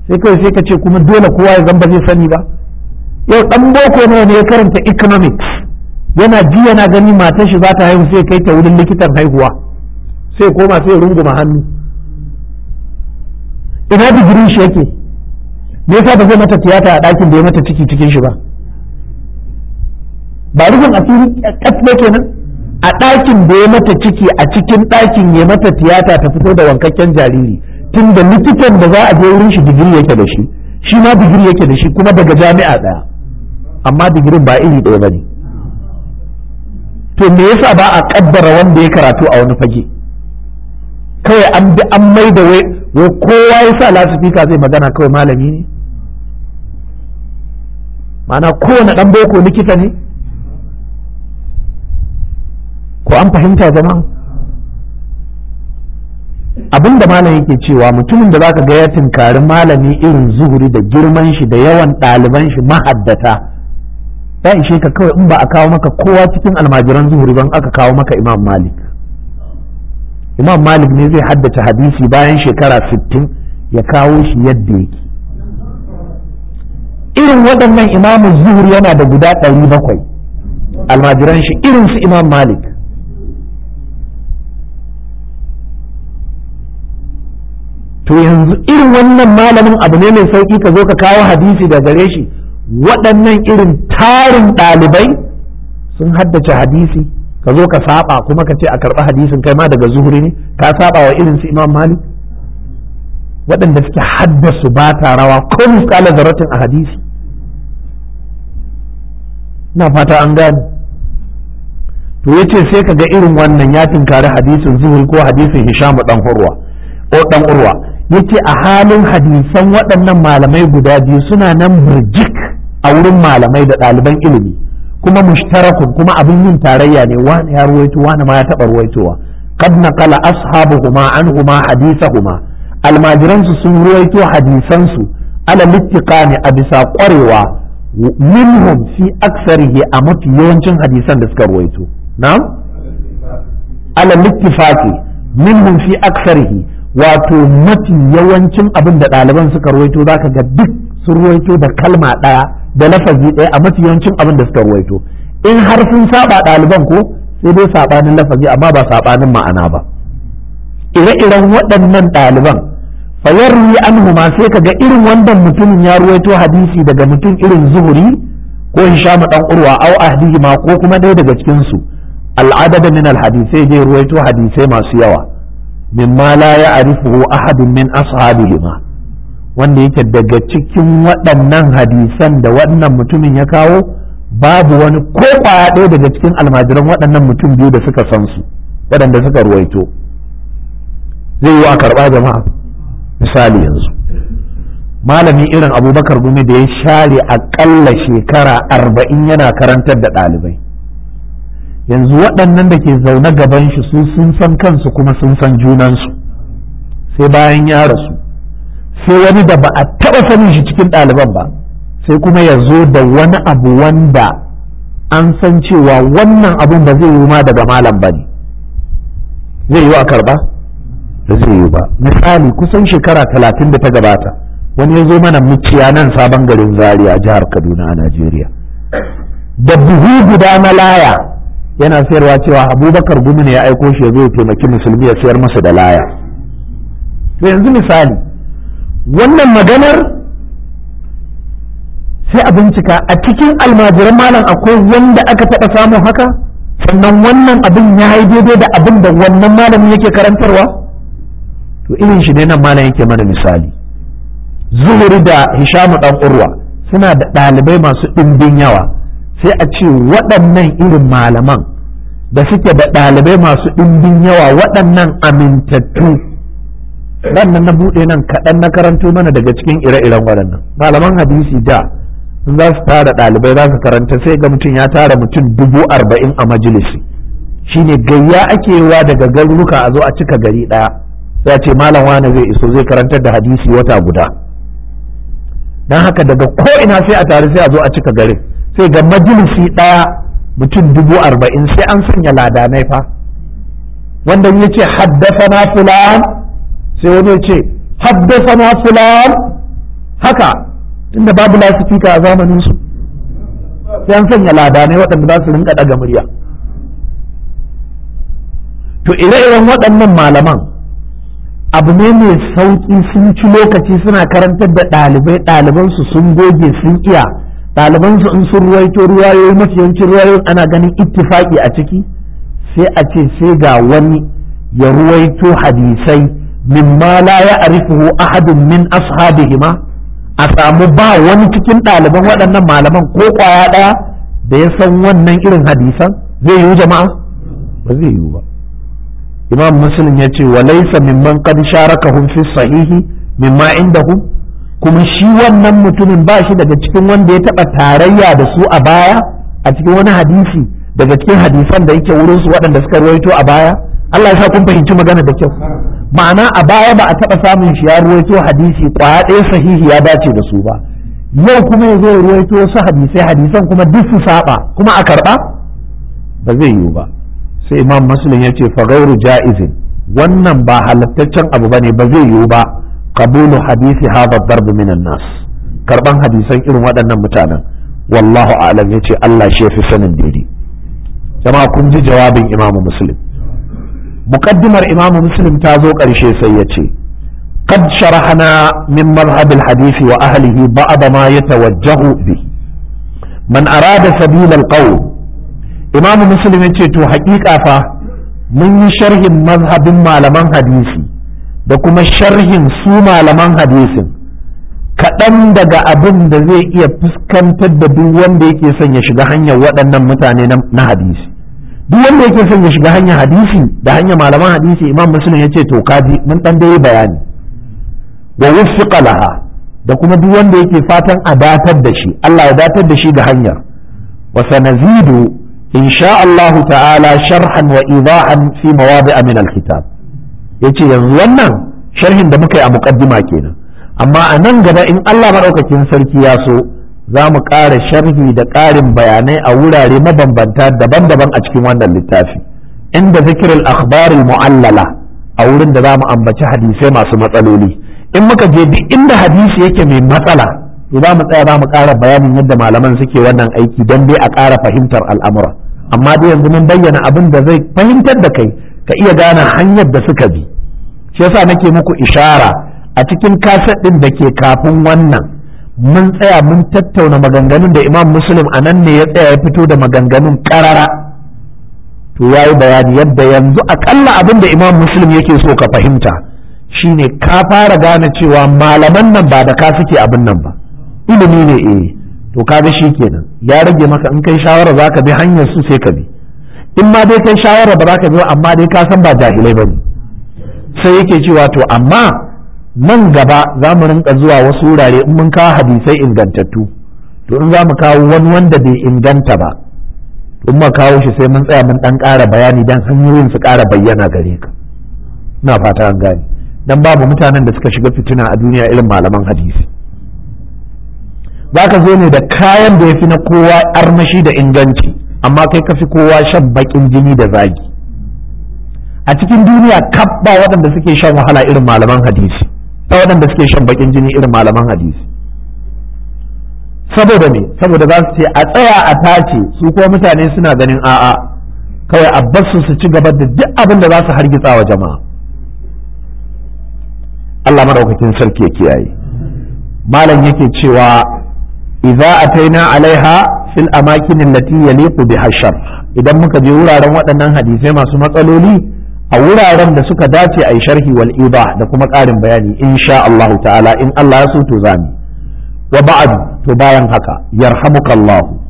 sai kawai sai ka ce kuma dole kowa ya zan ba zai sani ba yau dan boko ne ya karanta economics yana ji yana gani matan shi za ta haihu sai kai ta wurin likitan haihuwa sai koma sai runguma hannu ina digirin shi yake me yasa ba zai mata tiyata a ɗakin da ya mata ciki cikin shi ba ba rufin asiri eh, kasne kenan a ɗakin da ya mata ciki a cikin ɗakin ya mata tiyata ta fito da wankakken jariri tun da likitan da za a je wurin shi digiri yake da shi shi ma digiri yake da shi kuma daga jami'a ɗaya amma digirin ba iri ɗaya ba ne to me yasa ba a kaddara wanda ya karatu a wani fage kawai an bi an mai da wai kowa ya sa lasifika zai magana kawai malami ne ma'ana kowane ɗan boko likita ne ko an fahimta jama'a abin da malam yake cewa mutumin da zaka ga ya tinkari malami irin zuhuri da girman shi da yawan ɗaliban shi mahaddata ya ishe ka kawai in ba a kawo maka kowa cikin almajiran zuhuri ban aka kawo maka imam malik imam malik ne zai haddace hadisi bayan shekara sittin ya kawo shi yadda yake irin waɗannan imamun zuhuri yana da guda ɗari bakwai almajiran shi irin su imam malik to yanzu irin wannan malamin abu ne mai sauƙi ka zo ka kawo hadisi da gare shi waɗannan irin tarin ɗalibai sun haddace hadisi ka zo ka saba kuma ka ce a karɓi hadisin kai ma daga zuhuri ne ka saba wa irin su imam malik waɗanda suke haddasu ba ta rawa ko kala zaratin a hadisi na fata an gane to ya ce sai ka ga irin wannan ya tinkari hadisin zuhuri ko hadisin hishamu ɗan urwa yace a halin hadisan waɗannan malamai guda biyu suna nan murjik a wurin malamai da ɗaliban ilimi kuma mushtarakun kuma abin yin tarayya ne wani ya ruwaito wani ma ya taɓa ruwaitowa qad naqala ashabuhuma anhuma hadisahuma almajiransu sun ruwaito hadisansu ala ne a bisa ƙwarewa minhum fi aksarihi a mafi yawancin hadisan da suka ruwaito na'am ala littifaqi minhum fi aksarihi wato mafi yawancin abin da ɗaliban suka ruwaito za ka ga duk su ruwaito da kalma ɗaya da lafazi ɗaya a mafi yawancin abin da suka ruwaito in har sun saba ɗaliban ko sai dai saɓanin lafazi amma ba saɓanin ma'ana ba ire-iren waɗannan ɗaliban an huma sai ka ga irin wannan mutumin ya ruwaito hadisi daga mutum irin zuhuri ko hisham dan urwa au ahdihima ko kuma ɗaya daga cikin su al'adada min al hadisai zai ruwaito hadisai masu yawa mimma la ya'rifuhu ahadun min ashabihima wanda yake daga cikin waɗannan hadisan da wannan mutumin ya kawo babu wani ko kwaya ɗaya daga cikin almajiran waɗannan mutum biyu da suka san su waɗanda suka ruwaito zai yi wa karɓa jama'a misali yanzu malami irin abubakar gumi da ya share aƙalla shekara arba'in yana karantar da ɗalibai yanzu waɗannan da ke zaune gaban shi su sun san kansu kuma sun san junansu sai bayan ya rasu sai wani da ba a taɓa sanin shi cikin ɗaliban ba sai kuma ya zo da wani abu wanda an san cewa wannan abun ba zai yi ma daga malam ba ne zai yi a karba ba zai yi ba misali kusan shekara talatin da ta gabata wani ya zo mana muciya nan sabon garin zaria jihar kaduna a najeriya da buhu guda na laya yana sayarwa cewa abubakar gumi ne ya aiko shi ya zo ya taimaki musulmi ya sayar masa da laya to yanzu misali wannan maganar sai a bincika a cikin almajiran malam akwai wanda aka taɓa samun haka sannan wannan abin ya yi daidai da abin da wannan malamin yake karantarwa to irin shi ne nan malam yake mana misali zuhuri da hishamu dan urwa suna da ɗalibai masu ɗimbin yawa sai a ce waɗannan irin malaman da suke da ɗalibai masu ɗimbin yawa waɗannan amintattu nan na buɗe nan kaɗan na karanto mana daga cikin ire-iren waɗannan malaman hadisi da za su tara ɗalibai za su karanta sai ga mutum ya tara mutum dubu arba'in a majalisi shine gayya ake wa daga garuruka a zo a cika gari ɗaya sai a ce malam wani zai iso zai karantar da hadisi wata guda don haka daga ko ina sai a tare sai a zo a cika garin sai ga majalisi ɗaya mutum dubu arba'in sai an sanya ladanai fa wanda ya ce haddasana fulan sai wani ya ce haddasana fulan haka tunda babu lasifika a zamanin su sai an sanya ladanai waɗanda za su rinka ɗaga murya to ire-iren waɗannan malaman abu ne mai sauƙi sun ci lokaci suna karantar da ɗalibai ɗalibansu sun goge sun iya ɗaliban su in sun ruwaito ruwayoyi mafi yawancin ruwayoyin ana ganin ittifaki a ciki sai a ce sai ga wani ya ruwaito hadisai mimma la ya arifuhu ahadun min ashabihima a samu ba wani cikin ɗaliban waɗannan malaman ko kwaya ɗaya da ya san wannan irin hadisan zai yiwu jama'a ba zai yiwu ba imam muslim ya ce wa laysa mimman qad sharakahum fi sahihi mimma indahum kuma shi wannan mutumin ba shi daga cikin wanda ya taba tarayya da su a baya a cikin wani hadisi daga cikin hadisan da yake wurin su waɗanda suka ruwaito a baya Allah ya sa kun fahimci magana da kyau ma'ana a baya ba a taba samun shi ya ruwaito hadisi kwaya sahihi ya dace da su ba yau kuma ya zo ya ruwaito wasu hadisai hadisan kuma duk su saba kuma a karɓa ba zai yiwu ba sai imam muslim ya ce fa gauru ja'izin wannan ba halattaccen abu bane ba zai yiwu ba Kabilu hadisi ha babbar min nas karban hadisan irin waɗannan mutanen wallahu a'lam yace Allah shi fi sanin daidai jama'a kun ji jawabin imamu Muƙaddimar muqaddimar imamu muslim ta zo ƙarshe sai yace قد شرحنا من مذهب الحديث وأهله بعض ما يتوجه به من أراد سبيل القول إمام مسلم to حقيقة فا من yi مذهب ما لمن حديثي da kuma sharhin su malaman hadisin kaɗan daga abin da zai iya fuskantar da duk wanda yake son ya shiga hanyar waɗannan mutane na hadisi duk wanda yake son ya shiga hanyar hadisi da hanyar malaman hadisi imam muslim ya ce to kaji mun ɗan yi bayani wa wuffiqa laha da kuma duk wanda yake fatan a datar da shi Allah ya datar da shi ga hanyar wa sanazidu insha Allah ta'ala sharhan wa idahan fi mawadi'a min alkitab. kitab Ya ce yanzu wannan sharhin da muka yi a muƙaddima kenan amma a nan gaba in Allah maɗaukakin sarki ya so za mu ƙara sharhi da ƙarin bayanai a wurare mabambanta daban-daban a cikin wannan littafi inda zikirin akhbaril mu'allala a wurin da za mu ambaci hadisai masu matsaloli in muka je duk inda hadisi yake mai matsala to za mu tsaya za mu ƙara bayanin yadda malaman suke wannan aiki don dai a ƙara fahimtar al'amura amma dai yanzu mun bayyana abin da zai fahimtar da kai ka iya gane hanyar da suka bi shi yasa nake muku ishara a cikin kaset ɗin da ke kafin wannan mun tsaya mun tattauna maganganun da imam muslim a nan ne ya tsaya ya fito da maganganun karara to ya yi bayani yadda yanzu akalla abin da imam muslim yake so ka fahimta shine ka fara gane cewa malaman nan ba da ka suke abin nan ba ilimi ne eh to kaga shi kenan ya rage maka in kai shawara zaka bi hanyar su sai ka bi in ma dai kai shawara ba za ka biyo amma dai ka san ba jahilai ba ne sai yake cewa to amma nan gaba za mu rinka zuwa wasu wurare in mun kawo hadisai ingantattu to in za mu kawo wani wanda bai inganta ba in ma kawo shi sai mun tsaya mun dan ƙara bayani dan hanyoyin su ƙara bayyana gare ka ina fata an gane dan babu mutanen da suka shiga fitina a duniya irin malaman hadisi za ka zo ne da kayan da ya fi na kowa armashi da inganci amma kai ka fi kowa shan bakin jini da zagi a cikin duniya kabba waɗanda suke shan wahala irin malaman hadisi ta waɗanda suke shan bakin jini irin malaman hadisi saboda me saboda za su ce a tsaya a tace su kuma mutane suna ganin a'a kawai a su ci gaba da duk abin da za su hargitsa wa jama'a Allah madaukakin sarki ya kiyaye malam yake cewa idza ataina alaiha fil amakin allati yaliqu biha idan muka je wuraren waɗannan hadisai masu matsaloli a wuraren da suka dace a yi sharhi wal da kuma ƙarin bayani insha Allah ta'ala in Allah ya so to zamu wa ba'd to bayan haka yarhamukallahu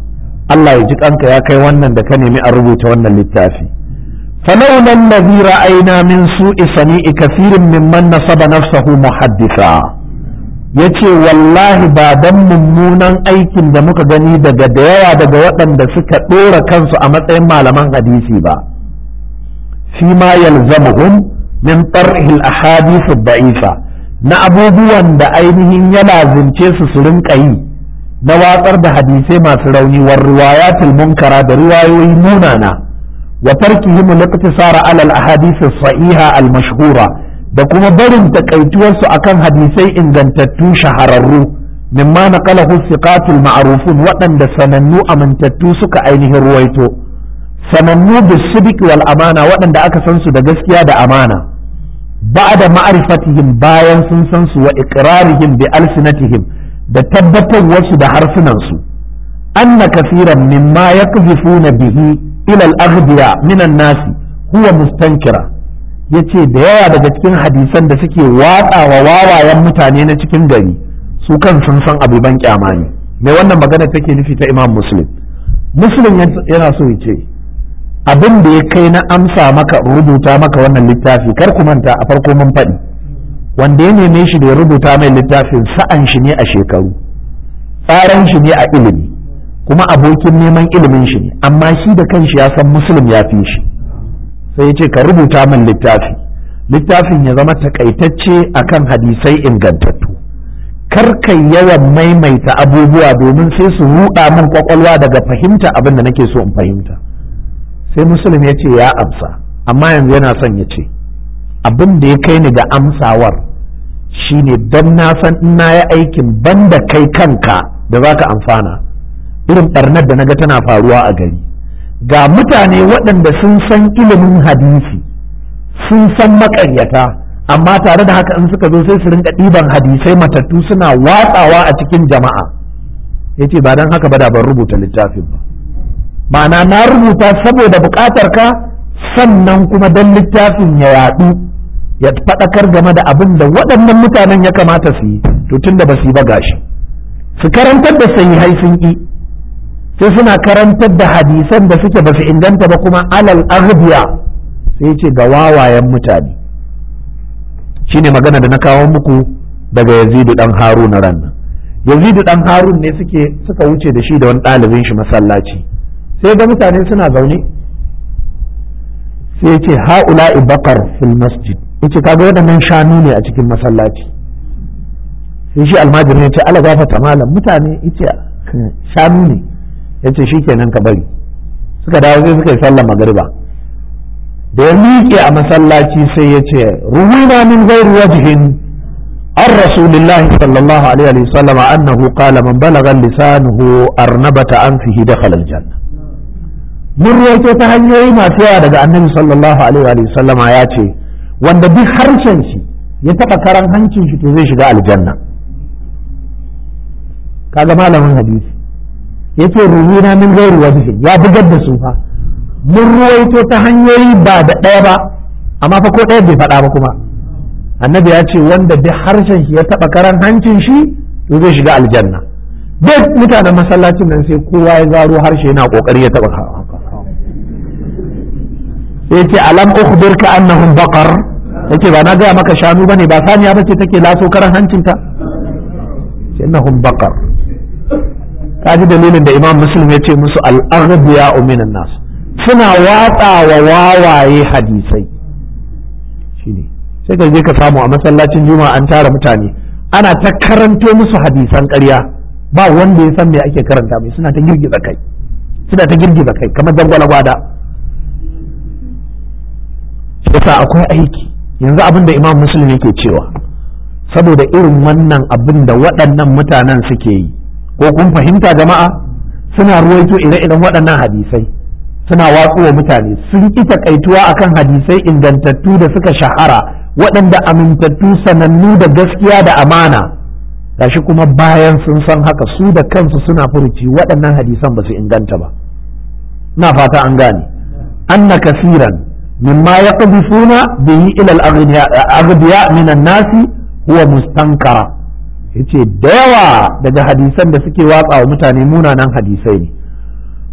Allah Allah ya ji kanka ya kai wannan da ka nemi a rubuta wannan littafi فلولا الذي رأينا من سوء سميء كثير ممن نصب نفسه محدثا ya ce wallahi ba dan mummunan aikin da muka gani daga da yawa daga waɗanda suka ɗora kansu a matsayin malaman hadisi ba fi ma yalzamuhum min tarhil ahadith da'ifa na abubuwan da ainihin ya lazimce su su rinka yi na watsar da hadisai masu rauni war riwayatul munkara da riwayoyi munana wa tarkihim al-iqtisara ala al-ahadith sahiha al-mashhura da kuma barin takaituwarsu akan hadisai ingantattu shahararru mimma naqalahu thiqatul ma'rufun waɗanda sanannu amintattu suka ainihin ruwaito sanannu bisidiq wal amana waɗanda aka san su da gaskiya da amana ba'da ma'rifatihim bayan sun san su wa iqrarihim bi alsinatihim da tabbatarwarsu da harsunan su anna kaseeran mimma yakzifuna bihi ila al-aghdiya minan nasi huwa mustankira ya ce da yawa daga cikin hadisan da suke watsa wa wawayen mutane na cikin gari su kan sun san abu kyama ne mai wannan magana take nufi ta imam muslim muslim yana so ya ce abin da ya kai na amsa maka rubuta maka wannan littafi kar ku manta a farko mun faɗi wanda ya neme shi da ya rubuta mai littafin sa'an shi ne a shekaru tsaran shi ne a ilimi kuma abokin neman ilimin shi ne amma shi da kanshi ya san muslim ya fi shi sai ya ce ka rubuta min littafi littafin ya zama takaitacce akan hadisai ingantattu Kar karkai yawan maimaita abubuwa domin sai su ruɗa min kwakwalwa daga fahimta abin da nake so in fahimta sai musulun ya ce ya amsa amma yanzu yana son ya ce abin da ya kai ni ga amsawar shine don na san ina ya aikin ban da kai kanka da za ka amfana irin ɓarnar da na ga tana faruwa a gari ga mutane waɗanda sun san ilimin hadisi sun san maƙaryata amma tare da haka in suka zo sai su rinka ɗiban hadisai matattu suna watsawa a cikin jama'a ya ce ba don haka ba da ban rubuta littafin ba ma'ana na rubuta saboda buƙatar ka sannan kuma don littafin ya yaɗu ya faɗakar game da abin da waɗannan mutanen ya kamata su yi to tun da ba su yi ba gashi su karantar da sahihai sun ƙi sai suna karantar da hadisan da suke ba su inganta ba kuma alal aghdiya sai ce ga wawayen mutane shine magana da na kawo muku daga yazidu dan harun ran yazidu dan harun ne suke suka wuce da shi da wani ɗalibin shi masallaci sai ga mutane suna zaune sai ce haula ibakar fil masjid yace kaga waɗannan shanu ne a cikin masallaci sai shi almajirin ne ce ala gafata malam mutane yace shanu ne ya ce shi kenan ka bari suka dawo sai suka yi sallar magariba da ya miƙe a masallaci sai ya ce ruwina min gairu wajhin an rasulillahi sallallahu alaihi wa sallama annahu qala man balagha lisanuhu arnabata anfihi dakhala aljanna mun rawaito ta hanyoyi masu yawa daga annabi sallallahu alaihi wa sallama ya ce wanda duk harshen shi ya taba karan hancin shi to zai shiga aljanna kaga malamin hadisi yace ruwina min ghairi wajhi ya bugar da su fa mun ruwaito ta hanyoyi ba da ɗaya ba amma fa ko ɗaya bai faɗa ba kuma annabi ya ce wanda da harshen shi ya taɓa karan hancin shi to zai shiga aljanna duk mutanen masallacin nan sai kowa ya zaro harshe yana kokari ya taɓa sai ce alam ukhbirka annahum baqar yace ba na gaya maka shanu bane ba saniya bace take laso karan hancinta innahum baqar Ka ji dalilin da imam muslim ya ce musu al'arabiya minan nas suna watsa wa wawaye hadisai shine sai ka je ka samu a masallacin juma'a an tara mutane ana ta karanto musu hadisan karya ba wanda ya san me ake karanta mai suna ta girgiza kai suna ta girgiza kai kamar dangwala gwada yasa akwai aiki yanzu abin da imam muslim ke cewa saboda irin wannan abin da waɗannan mutanen suke yi ko kun fahimta jama'a suna ruwaito ire-iren waɗannan hadisai suna wa mutane sun ƙi takaituwa akan hadisai ingantattu da suka shahara waɗanda amintattu sanannu da gaskiya da amana shi kuma bayan sun san haka su da kansu suna furuci waɗannan hadisan ba su inganta ba na fata an gane anna kasiran mimma ya bihi ila al-aghdiya min an-nasi huwa mustankara yace da yawa daga hadisan da suke watsa wa mutane munanan hadisai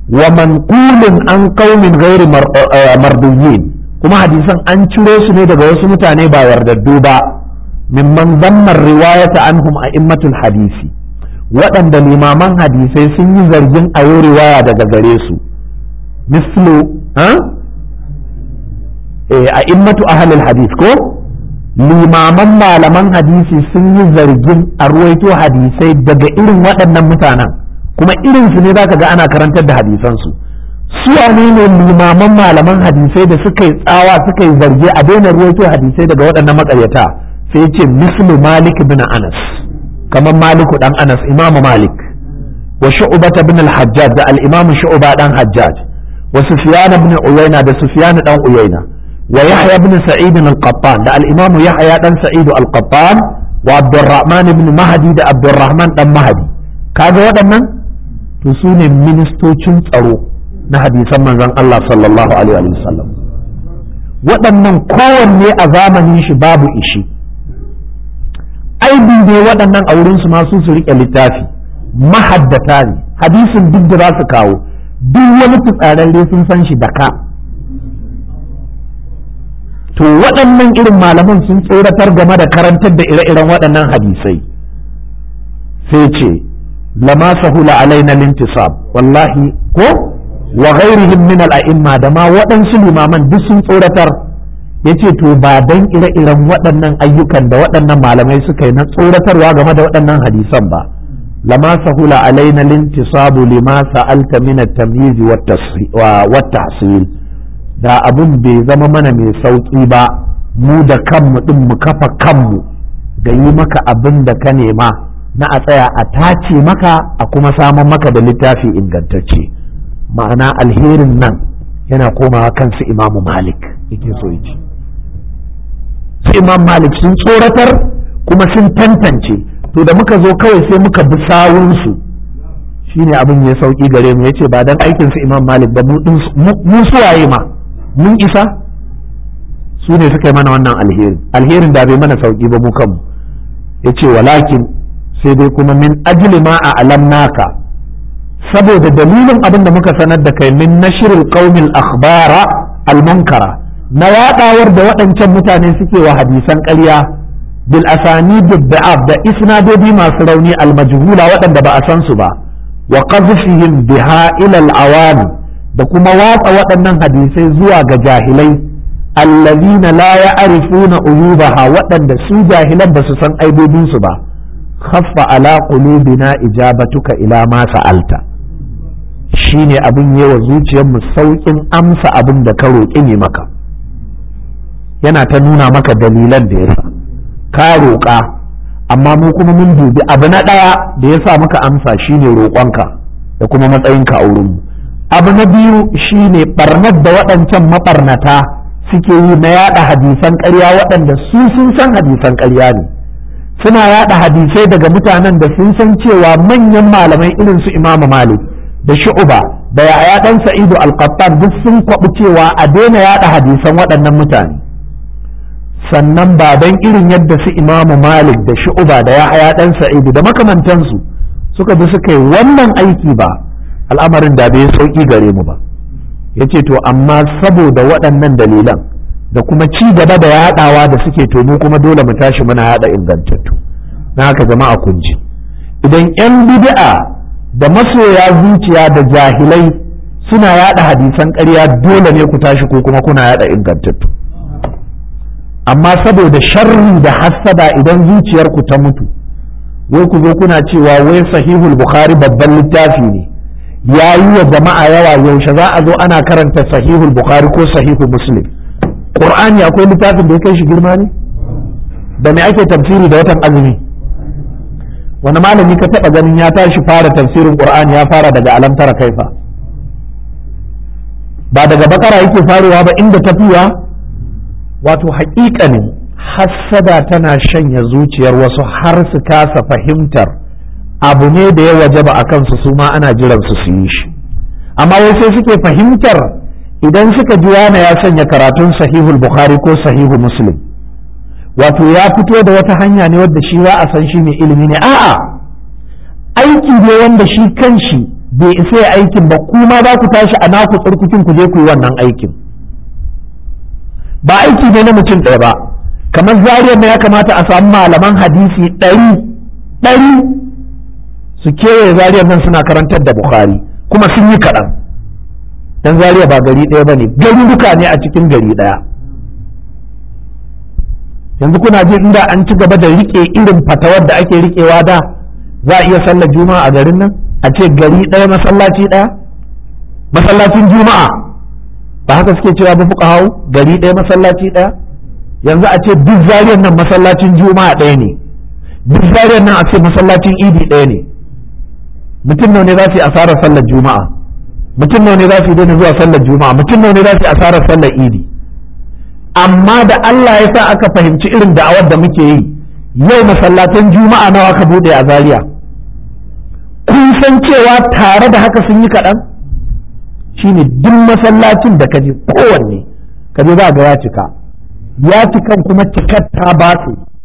ne wa qulun an qaumin ghairu eh, mardiyyin kuma hadisan an ciro su ne daga wasu mutane ba yardaddu ba man zammar riwayata anhum a'immatul hadisi waɗanda limaman hadisai sun yi zargin a yi riwaya daga gare su mislu a eh, immatu ahalil hadis ko limaman malaman hadisi sun yi zargin a ruwaito hadisai daga irin waɗannan mutanen kuma irinsu ne za ka ga ana karantar da hadisansu su ne ne limaman malaman hadisai da suka yi tsawa suka yi zarge a daina ruwaito hadisai daga waɗannan makaryata sai ce mislu malik bin anas kamar maliku ɗan anas imamu malik wa shu'bata bin al-hajjaj da al-imamu shu'ba dan hajjaj wa sufyan bin uyayna da sufyan dan uyayna wa yahya bin sa'id al da al-imam yahya ɗan Sa'idu al-qattan wa abdurrahman bin mahdi da abdurrahman dan mahdi ga waɗannan to ministocin tsaro na hadisan manzon Allah sallallahu alaihi wa sallam waɗannan kowanne a zamanin shi babu ishi aibi ne waɗannan a wurinsu masu su riƙe littafi mahaddata ne hadisin duk da za su kawo duk wani fitsararre sun san shi da ka to waɗannan irin malaman sun tsoratar game da karantar da ire-iren waɗannan hadisai sai ce lama sahula alaina lintisab wallahi ko wa ghairihim min al'imma da ma waɗansu limaman duk sun tsoratar yace to ba dan ire-iren waɗannan ayyukan da waɗannan malamai suka yi na tsoratarwa game da waɗannan hadisan ba lama sahula alaina lintisab lima sa'alta min at-tamyiz wa tahsil da abin bai zama mana mai sauƙi ba mu da kanmu ɗin mu kafa kanmu da yi maka abin da ka nema na a tsaya a tace maka a kuma samun maka da littafi ingantacce ma'ana alherin nan yana komawa kansu imamu malik yake so yi ce su imam malik sun tsoratar kuma sun tantance to da muka zo kawai sai muka bi sawunsu shine abin ya sauki gare mu ya ce, ba dan aikin su imam malik ba mu mu suwaye ma mun isa su ne suka yi mana wannan alherin alherin da bai mana sauki ba mu kanmu ya ce walakin sai dai kuma min ajli ma a alamnaka saboda dalilin abin da muka sanar da kai min shirin qaumil akhbara almunkara na yaɗawar da waɗancan mutane suke wa hadisan ƙarya bil asani da'ab da isnadodi masu rauni almajhula waɗanda ba a san su ba wa qazfihim biha ila al da kuma watsa waɗannan hadisai zuwa ga jahilai allazina la ya'rifuna uyubaha waɗanda su jahilan ba su san aibobinsu ba khaffa ala qulubina ijabatuka ila ma sa'alta shine abin yawa zuciyarmu sauƙin amsa abin da ka roƙi ne maka yana ta nuna maka dalilan da yasa ka roƙa amma mu kuma mun dubi abu na ɗaya da ya sa maka amsa shine roƙonka da kuma matsayinka a wurinmu abu na biyu shine ɓarnar da waɗancan maɓarnata suke yi na yada hadisan ƙarya waɗanda su sun san hadisan ƙarya ne suna yada hadisai daga mutanen da sun san cewa manyan malamai irin su imamu malik da shu'uba da yaya ɗan sa'idu alƙattar duk sun kwaɓi cewa a daina yada hadisan waɗannan mutane sannan baban irin yadda su imamu malik da shu'uba da yaya Dan sa'idu da makamantansu suka bi suka yi wannan aiki ba al'amarin da bai sauki gare mu ba Ya ce to amma saboda waɗannan dalilan da kuma ci gaba da yaɗawa da suke to mu kuma dole mu tashi muna yaɗa ingantattu na haka jama'a kun idan 'yan bid'a da masoya zuciya da jahilai suna yaɗa hadisan ƙarya dole ne ku tashi ko kuma kuna yaɗa ingantattu amma saboda sharri da hassada idan zuciyarku ta mutu wai ku zo kuna cewa wai sahihul bukhari babban littafi ne ya yi wa jama'a yawa yaushe za a zo ana karanta sahihul bukhari ko sahihul muslim qur'ani akwai littafin da ya kai shi girma ne da me ake tafsiri da watan azumi wani malami ka taba ganin ya tashi fara tafsirin qur'ani ya fara daga alamtara kaifa ba daga bakara yake farewa ba inda fiwa? wato haƙiƙa ne hassada tana shanya zuciyar wasu har su kasa fahimtar abu ne da ya wajaba a kansu su ma ana jiran su su yi shi amma wai sai suke fahimtar idan suka ji wani ya sanya karatun sahihul bukhari ko sahihu muslim wato ya fito da wata hanya ne wadda shi za a san shi mai ilimi ne a'a aiki ne wanda shi kanshi bai isa ya aikin ba kuma za ku tashi a naku tsarkukin ku je ku yi wannan aikin ba aiki ne na mutum ɗaya ba kamar zariyar ne ya kamata a samu malaman hadisi ɗari ɗari su kewaye zariyar nan suna karantar da bukhari kuma sun yi kaɗan don zariya ba gari ɗaya ba ne duka ne a cikin gari ɗaya yanzu kuna ji inda an ci gaba da rike irin fatawar da ake rikewa da za a iya sallar juma'a a garin nan a ce gari ɗaya masallaci ɗaya masallacin juma'a ba haka suke cewa ba fuka hau gari ɗaya masallaci ɗaya yanzu a ce duk zariyar nan masallacin juma'a ɗaya ne duk zariyar nan a ce masallacin idi ɗaya ne mutum nawa ne za su yi asarar sallar juma'a mutum nawa ne za su yi daina zuwa sallar juma'a mutum nawa ne za su yi asarar sallar idi amma da Allah ya sa aka fahimci irin da'awar da muke yi yau masallatan juma'a nawa ka bude a Zariya. kun san cewa tare da haka sun yi kaɗan shine duk masallacin da ka je kowanne ka je za ga ya cika ya kan kuma cikar ta su.